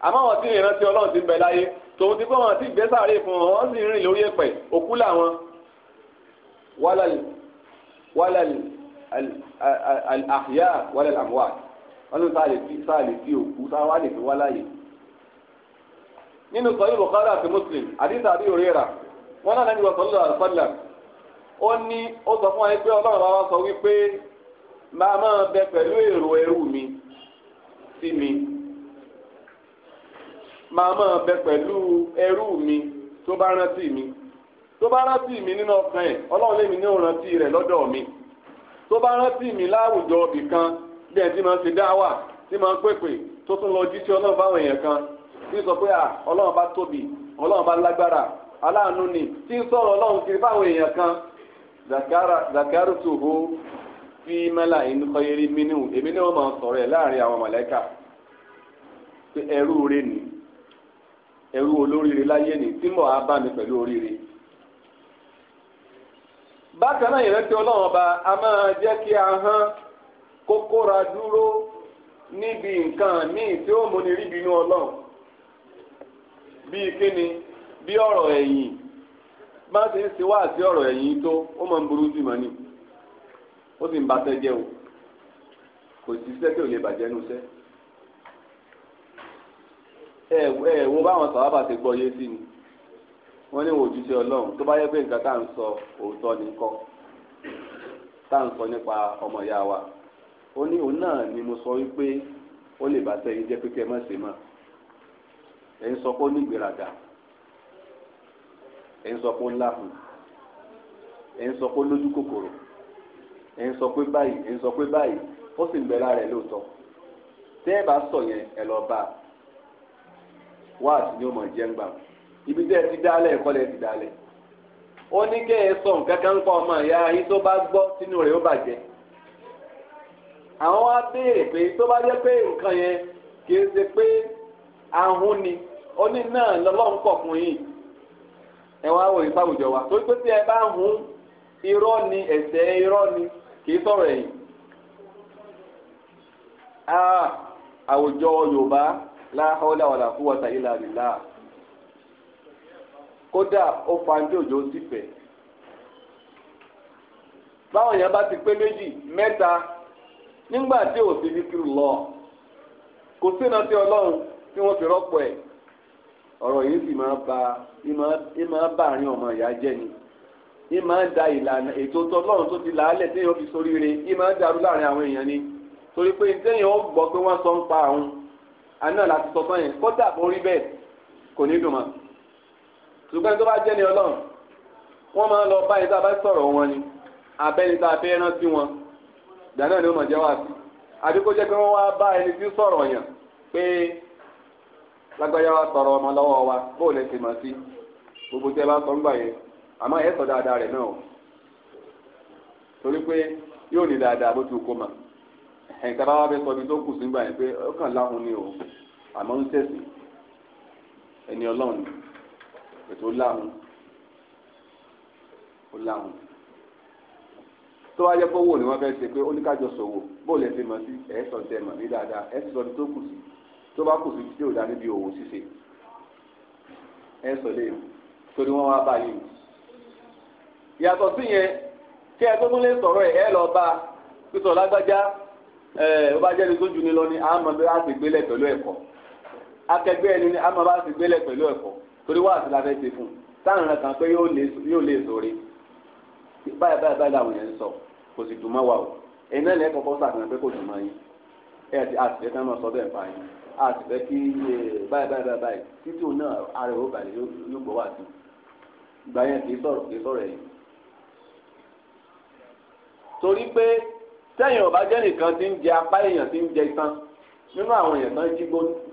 àmọ́ wọn ti ìrántí Ọlọ́run ti ń bẹ láyé tòun ti kọ́ wọn ti gbé sàárè fún wọn wọn sì ń rìn lórí ẹ̀pẹ̀ òkú làwọn wálá wala àhíyá wala àmúwà wọ́n ní sáà lè fi sáà lè fi òkú sáà wá lè fi wá láàyè. nínú sọ́yìn Bukhari àti Muslim àdìsá àbí òrera wọ́n náà lẹ́nu ọ̀sán lọ́wọ́ àlùfáàlà ó ní ó sọ fún wa pé ọlọ́run bá wa sọ wípé máa máa bẹ pẹ̀lú èrò ẹrú mi sí mi máa máa bẹ pẹ̀lú ẹrú mi tó bá rántí mi. tó bá rántí mi nínú ọkàn ẹ̀ ọlọ́run lèmi ní òrántí rẹ lọ́dọ̀ mi tó bá rántí mi láwùjọ ibì kan bí tí ń ṣe dáwà tí ń pèpè tó tún lọ jíṣẹ́ ọlọ́run báwọn èèyàn kan tí sọ pé ọlọ́run bá tóbi ọlọ́run bá lágbára aláàánú ni tí ń kiri èèyàn kan fi èmi máa sọ̀rọ̀ ẹ̀ láàrin àwọn mọ̀lẹ́kà ẹrú bákan náà ọla ọlọ́run ọba a máa jẹ́ kí ahọ́n kókóra dúró níbi nǹkan míì tí ó múni rí bínú ọlọ́run bíi kíni bí ọ̀rọ̀ ẹ̀yìn bá ti ń ṣe wá sí ọ̀rọ̀ ẹ̀yìn tó ó máa ń burú ni ó sì ń ba tẹ́ jẹ́ o kò sí ò lè bàjẹ́ nu ẹ̀ ẹ̀ wo báwọn ti gbọ́ yé wọ́n ní òjúṣe ọlọ́run tó bá yẹ pé nǹkan tá à ń sọ òótọ́ ni kọ́ tá à ń sọ nípa ọmọ ìyá wa ó ní òun náà ni mo sọ wípé ó lè bá sẹ́yìn jẹ́ pé kẹ́ má ṣe mọ́ ẹ̀ ń sọ pé ó ní ìgbéraga ẹ̀ ń sọ pé ó ń láàfin ẹ̀ ń sọ pé ó lójú kòkòrò ẹ̀ ń sọ pé báyìí ẹ̀ ń sọ pé báyìí ó sì ń bẹ lára ẹ̀ lóòótọ́ tẹ́ ẹ bá sọ yẹn ẹ lọ bá a ni ó mọ̀ jẹ́ ń gbà wọ́n ibi tẹ́ ẹ ti dálẹ̀ ẹ̀kọ́ lẹ́ ti dálẹ̀ ó ní kẹ́ ẹ sọ nǹkan kan pa ọmọ ìyá yín tó bá gbọ́ sínú rẹ̀ ó bàjẹ́ àwọn wá béèrè pé tó bá jẹ́ pé nǹkan yẹn kì í ṣe pé ahun ni ó ní náà lọ́lọ́run kọ̀ fún yìí ẹ wá wòye sáwùjọ wa torí pé tí ẹ bá hun irọ́ ni ẹ̀sẹ̀ irọ́ ni kì í sọ̀rọ̀ ẹ̀yìn ah, àwùjọ Yorùbá la hawla wala quwwata billah kódà ó fa ní òjò sí fẹ́ báwọn yẹn bá ti pé méjì mẹ́ta nígbà tí ò sí zikiru lọ kò sí iná tí ọlọ́run tí wọ́n fi rọ́pò ẹ̀ ọ̀rọ̀ yìí sì máa ba ìmáa bá àárín ọmọ ìyá jẹ́ ni ìmáa da ìlànà ètò ọlọ́run tó ti làálẹ̀ téèyàn fi soríire ìmáa dàrú láàrin àwọn èèyàn ni torí pé téèyàn ó gbọ́ pé wọ́n sọ ń pa àwọn àná láti sọ fún yẹn kódà bó rí bẹ́ẹ̀ kò ní dùn mọ́. ṣùgbọ́n tó bá jẹ́ ní ọlọ́run wọ́n máa ń lọ a bá sọ̀rọ̀ wọn ni abẹ́ni tá a fẹ́ rán sí wọn ìgbà náà ni wọ́n mọ̀ jẹ́ wá sí àbí kó jẹ́ pé wọ́n wá bá ẹni tí sọ̀rọ̀ yàn pé wa sọ̀rọ̀ ọmọ lọ́wọ́ wa bó lè ṣe mọ̀ sí gbogbo tí ẹ bá sọ ń gbà yẹn àmọ́ ẹ sọ dáadáa rẹ̀ náà torí pé yóò ní dáadáa bó ti sọ ibi tó kù sí gbà pé ó ni o àmọ́ ń ẹni ọlọ́run ni. ètò láhùn ó tó wáyé pé owó ni wọ́n fẹ́ ṣe pé oníkájọ ṣòwò bó lè fi mọ̀ sí ẹ̀ sọ tẹ ní dáadáa ẹ̀ sọ tó kù sí tó bá kù sí tí ò dá níbi òwò ṣíṣe ẹ̀ sọ wá yàtọ̀ sí yẹn kí ẹ tó tún lè sọ̀rọ̀ ẹ̀ lọ bá lágbájá bá ni àmọ́ bá ti gbélé pẹ̀lú ẹ̀kọ́ akẹgbẹ́ ẹni ni àmọ́ bá ti torí wá àti lábẹ́ ti fún sáàrin rẹ̀ kan pé yóò lè sóore báyìí báyìí báyìí làwọn yẹn ń sọ kò sì dùn mọ́ wa o ẹ̀yin náà lẹ́yìn kọ́kọ́ sàkànnà pé kò dùn mọ́ yín ẹ̀ àti àtìfẹ́ kan náà sọ bẹ́ẹ̀ fà yín àtìfẹ́ kí eh, báyìí báyìí báyìí títí òun náà ara ìwọ balẹ̀ yóò gbọ́ wá sí ìgbà yẹn kì í sọ̀rọ̀ kì í sọ̀rọ̀ ẹ̀yìn. torí pé sẹ́yìn ọ̀bá jẹ́ nìkan ti ń jẹ apá èèyàn ti ń jẹ itan nínú àwọn èèyàn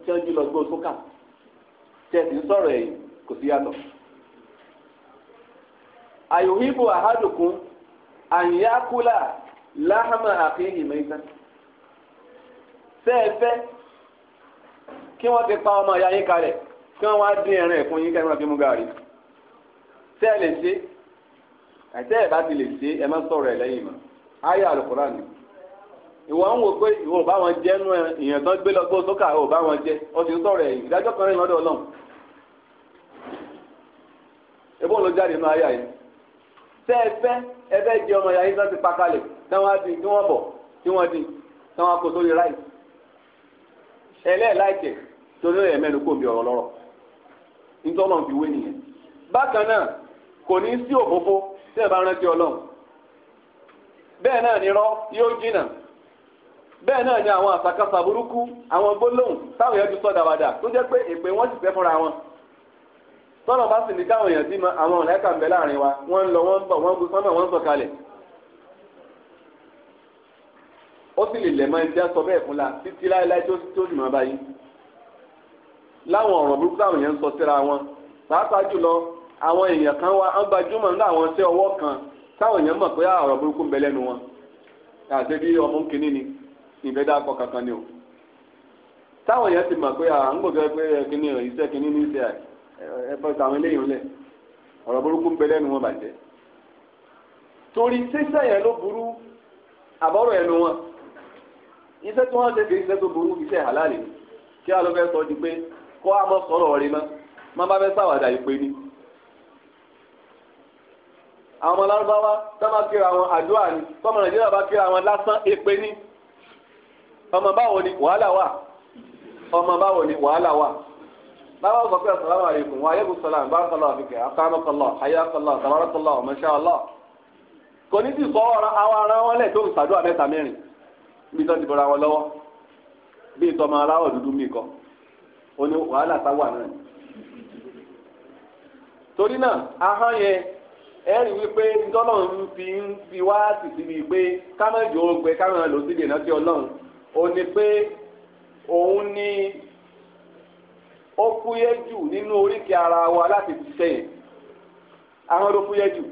tán jí lọ gbó sókà tẹ̀sí sọ̀rọ̀ ẹ̀yìn kò sí yàtọ̀. àyòhìbò àhádùkún àyíyákúlà láhàmà àkéyìn mẹ́ta. sẹ́ẹ̀fẹ́ kí wọ́n ti pa ọmọ ìyá yín kalẹ̀ kí wọ́n wá dín ẹran ẹ̀ fún yín kẹ́kọ̀ọ́ fi mú gàrí. sẹ́ẹ̀ lè ṣe àìsẹ́ ẹ̀ bá ti lè ṣe ẹ má sọ̀rọ̀ ẹ̀ lẹ́yìn mọ́ ayé àlùkùrá ni ìwọ ń wò pé ìwọ ò bá wọn jẹ́ nú ìyẹn tán gbé lọ gbó sókà ò bá wọn jẹ́ ọ sì ń sọ̀rọ̀ ẹ̀yìn ìdájọ́ kan rẹ̀ lọ́dọ̀ ọlọ́run ebó ló jáde nínú ayé àyè tẹ ẹ fẹ́ ẹ fẹ́ jẹ ọmọ yàrá ìsàn ti pa kalẹ̀ tí wọ́n di tí wọ́n bọ̀ tí wọ́n di tí wọ́n kó sórí ráì ẹlẹ́ẹ̀ láìkẹ̀ torí ẹ̀ mẹ́nu kò bí ọ̀rọ̀ lọ́rọ̀ nítorí ọlọ́run fi wé nìyẹn bákan náà kò ní sí òfófó tí ẹ bá rántí ọlọ́run bẹ́ẹ̀ náà ni irọ́ yóò jìnnà bẹ́ẹ̀ náà ni àwọn àṣàkáṣà burúkú àwọn gbólóhùn táwọn yẹn ti sọ dàwàdà tó jẹ́ pé èpè wọ́n ti fẹ́ fúnra wọn. tọ́nà bá sì ní káwọn èèyàn bímọ àwọn ọ̀nà ẹ̀ka ń wa wọ́n ń lọ wọ́n ń bọ̀ wọ́n ń bu sọ́nà wọ́n ń sọ kalẹ̀. ó sì lè lẹ̀mọ́ ẹni tí a sọ bẹ́ẹ̀ fún la títí láéláé tó tó dì máa báyìí. láwọn ọ̀rọ̀ burúkú táwọn èèyàn ń wọn pàápàá jùlọ àwọn èèyàn kan wá ń gbajúmọ̀ kan táwọn èèyàn mọ̀ pé ah, ọ̀rọ̀ burúkú ń o. táwọn èèyàn ti mọ̀ pé à ah, ń pé eh, ní ẹ bọ́ tàwọn eléyìí lẹ̀ ọ̀rọ̀ burúkú ń bẹ lẹ́nu wọn bàjẹ́ torí sísẹ́ yẹn ló burú àbọ̀rọ̀ ẹnu wọn iṣẹ́ tí wọ́n ṣe kì í ṣe tó burú iṣẹ́ halal ni kí a lọ fẹ́ sọ di pé kó a mọ sọ̀rọ̀ rí mọ́ má bá fẹ́ sàwádà ìpè ni. àwọn ọmọ lárúbáwá sábà kíra wọn àdúrà ni tọmọ nàìjíríà bá kíra wọn lásán èpè ni ọmọ báwo ni wàhálà wà ọmọ báwo ni wàhálà wà báwa sọ pé asalaamu aleykum wa aleykum salaam barakallah abike akamakallah hayakallah tabarakallah mashallah kò ní ti sọ ọ̀rọ̀ àwọn ará wọn lẹ̀ tó ń ṣàdúrà mẹ́ta mẹ́rin bí tó ti bọ̀ra wọn lọ́wọ́ bí ìtọ́mọ aláwọ̀ dúdú mi kọ́ ó ní wàhálà tá wà náà torí náà ahọ́n yẹn ẹ̀rí wípé ntọ́lọ́run fi ń fi wá títí bíi pé kámẹ́jọ ó gbé kámẹ́rán lọ síbi ìrántí ọlọ́run ó ní pé òun ní. ó fúyẹ́ jù nínú oríkèé ara wa láti fi sẹ́yìn àwọn ló fúyẹ́ jù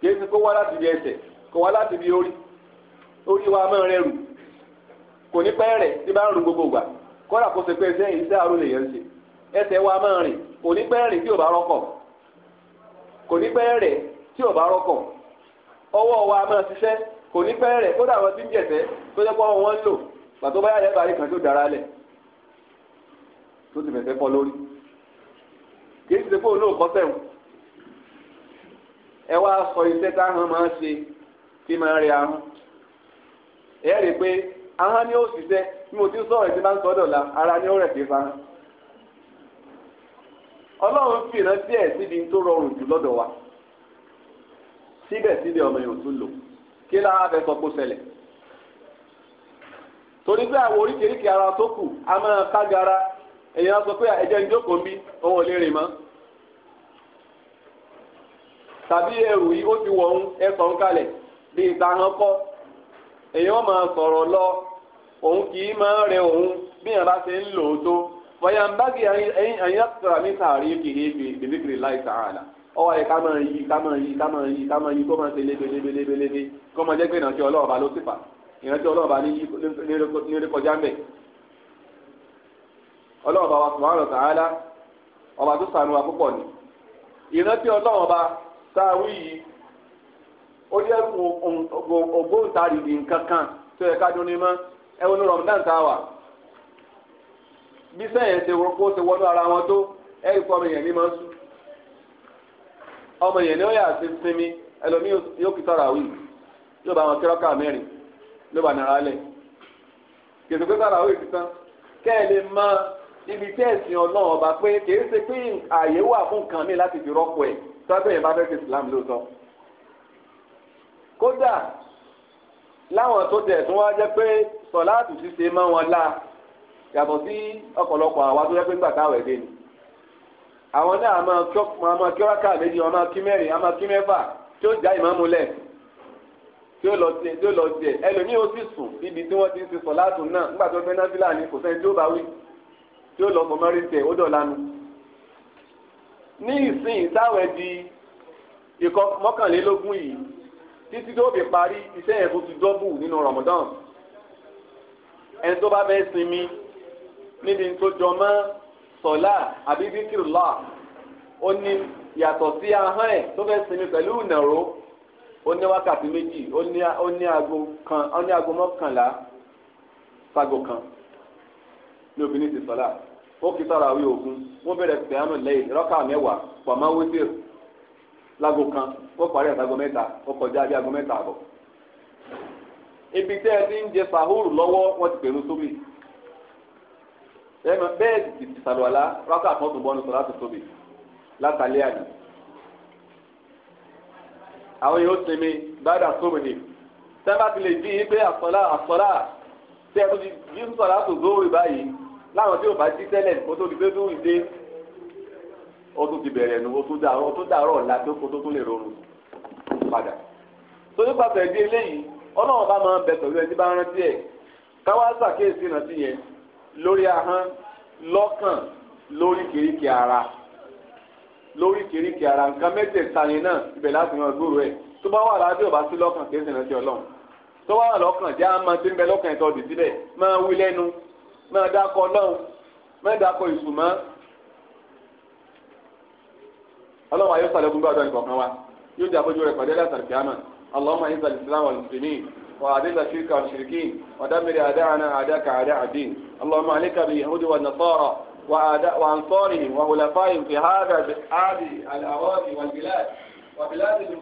kì í kó wá láti bi ẹsẹ̀ kó wá láti ibi orí orí wa máa rù kò ní pẹ́ tí bá ń rù gbogbo gbà kọ́dà kó ṣe pé sẹ́yìn iṣẹ́ lè yẹn ṣe ẹsẹ̀ wa máa rìn kò ní pẹ́ rìn tí ò bá rọ́kọ̀ kò ní pẹ́ rẹ̀ tí ò bá rọ́kọ̀ ọwọ́ wa máa ṣiṣẹ́ kò ní pẹ́ rẹ̀ kódà wọn ti ń tó jẹ́ pé ń lò pàtó báyà tó ti fọ́ lórí kì í sọ iṣẹ́ táwọn máa máa rí ahọ́n ẹ rí pé ahọ́n ni ó ṣiṣẹ́ ti bá ń la ara ni ó rẹ̀ ti fa ọlọ́run fi ìrántí ẹ̀ síbi tó rọrùn jù lọ́dọ̀ wa síbẹ̀síbẹ̀ ọmọ yòó tún lò kí lára fẹ́ sọ torí pé àwọn oríkèéríkèé ara tó kù a èèyàn sọ pé ẹjẹ ń jókòó mi òun ò lè rìn mọ́ tàbí ẹrù yìí ó ti wọ̀ ń ẹsọ̀ ń kalẹ̀ bí ìtahàn kọ́ èèyàn máa sọ̀rọ̀ lọ òun kì í máa rẹ òun bí yàrá ṣe ń lò ó tó fọyà ń bá kí ẹyin àtúntà mi sàárì kì í fi bìbíkiri láì sàárà ọwọ́ yẹ ká máa yí ká máa yí ká máa yí ká máa yí kó máa ṣe lébelébelébelébé kó máa jẹ́ pé ìrántí ọlọ́ọ̀ba ló ti fà ìrántí ọlọ́ọ̀ba ní rékọjá ń ọlọ́run bá wa subhanahu wa ta'ala ọba tó sànù wa púpọ̀ ni ìrántí ọlọ́run bá sáwí yìí ó jẹ́ ògbóǹtarìgì nǹkan kan tó yẹ ká dún ní mọ́ ẹ wọnú rọ̀mùdán tá a wà bí sẹ́yìn ṣe wọ́n kó ṣe wọnú ara wọn tó ẹ kó ọmọ yẹn ní máa ọmọ yẹn ní ó yà sí sinmi ẹlòmíì yóò kí sàràwì yóò bá wọn kírọ́kà mẹ́rin ló bá nara lẹ̀ kìsìkú sàràwì ti tán máa níbi tí ẹ̀sìn ọlọ́run ọba pé kìí ṣe pé ààyè wà fún nǹkan mi láti fi rọ́pò ẹ̀ sọ́dọ̀ yẹn bá fẹ́ fi Islam lóòótọ́. kódà láwọn tó tẹ̀ tún wá jẹ́ pé sọ̀láàtù ṣíṣe mọ́ wọn la yàtọ̀ sí ọ̀pọ̀lọpọ̀ àwa tó jẹ́ pé gbàtà àwẹ̀ dé ni. àwọn náà máa kí ọ́ráká méjì wọn máa kí mẹ́rin wọn máa kí mẹ́fà tí ó já ìmáàmù lẹ̀ tí ó lọ tiẹ̀ tí ó lọ tiẹ̀ ẹlòmíì ó sì sùn níbi tí wọ́n ti ń ṣe sọ̀láàtù náà nígbà tó fẹ́ náfìlà ni kò sẹ́ni tí ó bá wí tí ó lọ mọ mẹ́rìntẹ̀ ó dọ̀ lanu. ní ìsìn táwọn di ikọ̀ mọ́kànlélógún yìí títí tó fi parí iṣẹ́ yẹn tó ti dọ́bù nínú Ramadan ẹni tó bá fẹ́ sinmi níbi tó jọ mọ́ sọ̀lá àbí bíkìrìlá ó ní yàtọ̀ sí ahọ́n ẹ̀ tó fẹ́ sinmi pẹ̀lú ìnàró ó ní wákàtí méjì ó ní aago kan ó ní aago mọ́kànlá fago kan ní obìnrin ti sọlá ó kí sára àwí ogun wọ́n bẹ̀rẹ̀ kìtìyàmù lẹ́yìn rọ́kà mẹ́wàá pàmò wíṣẹ́ lágo kan wọ́n parí àtàgọ mẹ́ta ó kọjá bí ago mẹ́ta àbọ̀. ibi tẹ́ ẹ ti ń jẹ sahuru lọ́wọ́ wọ́n ti pẹ̀lú sóbì bẹ́ẹ̀ ti ti sàlùwàlá rọ́kà kan tó bọ́nu sọ láti sóbì látàlẹ́ àná. àwọn yóò sinmi gbádà sóbì ni tẹ́ bá ti lè dín in pé àsọlá àsọlá tẹ́ ẹ tó ti dín sọ̀rọ̀ àtòzó rí báyìí láwọn tí ò bá jí tẹ́lẹ̀ kó tó di pé tó ń dé ó tún ti bẹ̀rẹ̀ nu ó tún dà ó tún dàrọ̀ ọ̀la tó kó tó tún lè rọrùn padà. tó nípa pẹ̀lú eléyìí ọlọ́run bá máa ń bẹ pẹ̀lú ẹni bá rántí ẹ̀ káwá ṣàkíyèsí ìrántí yẹn lórí ahọ́n lọ́kàn lóríkèéríkèé ara lóríkèéríkèé ara nǹkan mẹ́tẹ̀ẹ̀ta yẹn náà ibẹ̀ láti yan gbòòrò ẹ̀ tó bá wà láti ọ̀bá sí lọ́kàn kí ẹ rántí ọlọ́run tó wà lọ́kàn jẹ́ máa dákọ ọlọ́run máa dákọ ìsùnmọ́ ọlọ́run ayé sàlẹ̀ gbogbo àdánù kọ̀ọ̀kan wa yóò di àbójú rẹ̀ pàdé láti àkíyàmà اللهم اعز الاسلام والمسلمين وأذل الشرك والمشركين ودمر أعداءنا أعداءك أعداء الدين اللهم عليك باليهود والنصارى وأنصارهم وخلفائهم في هذا هذه الأراضي والبلاد وبلاد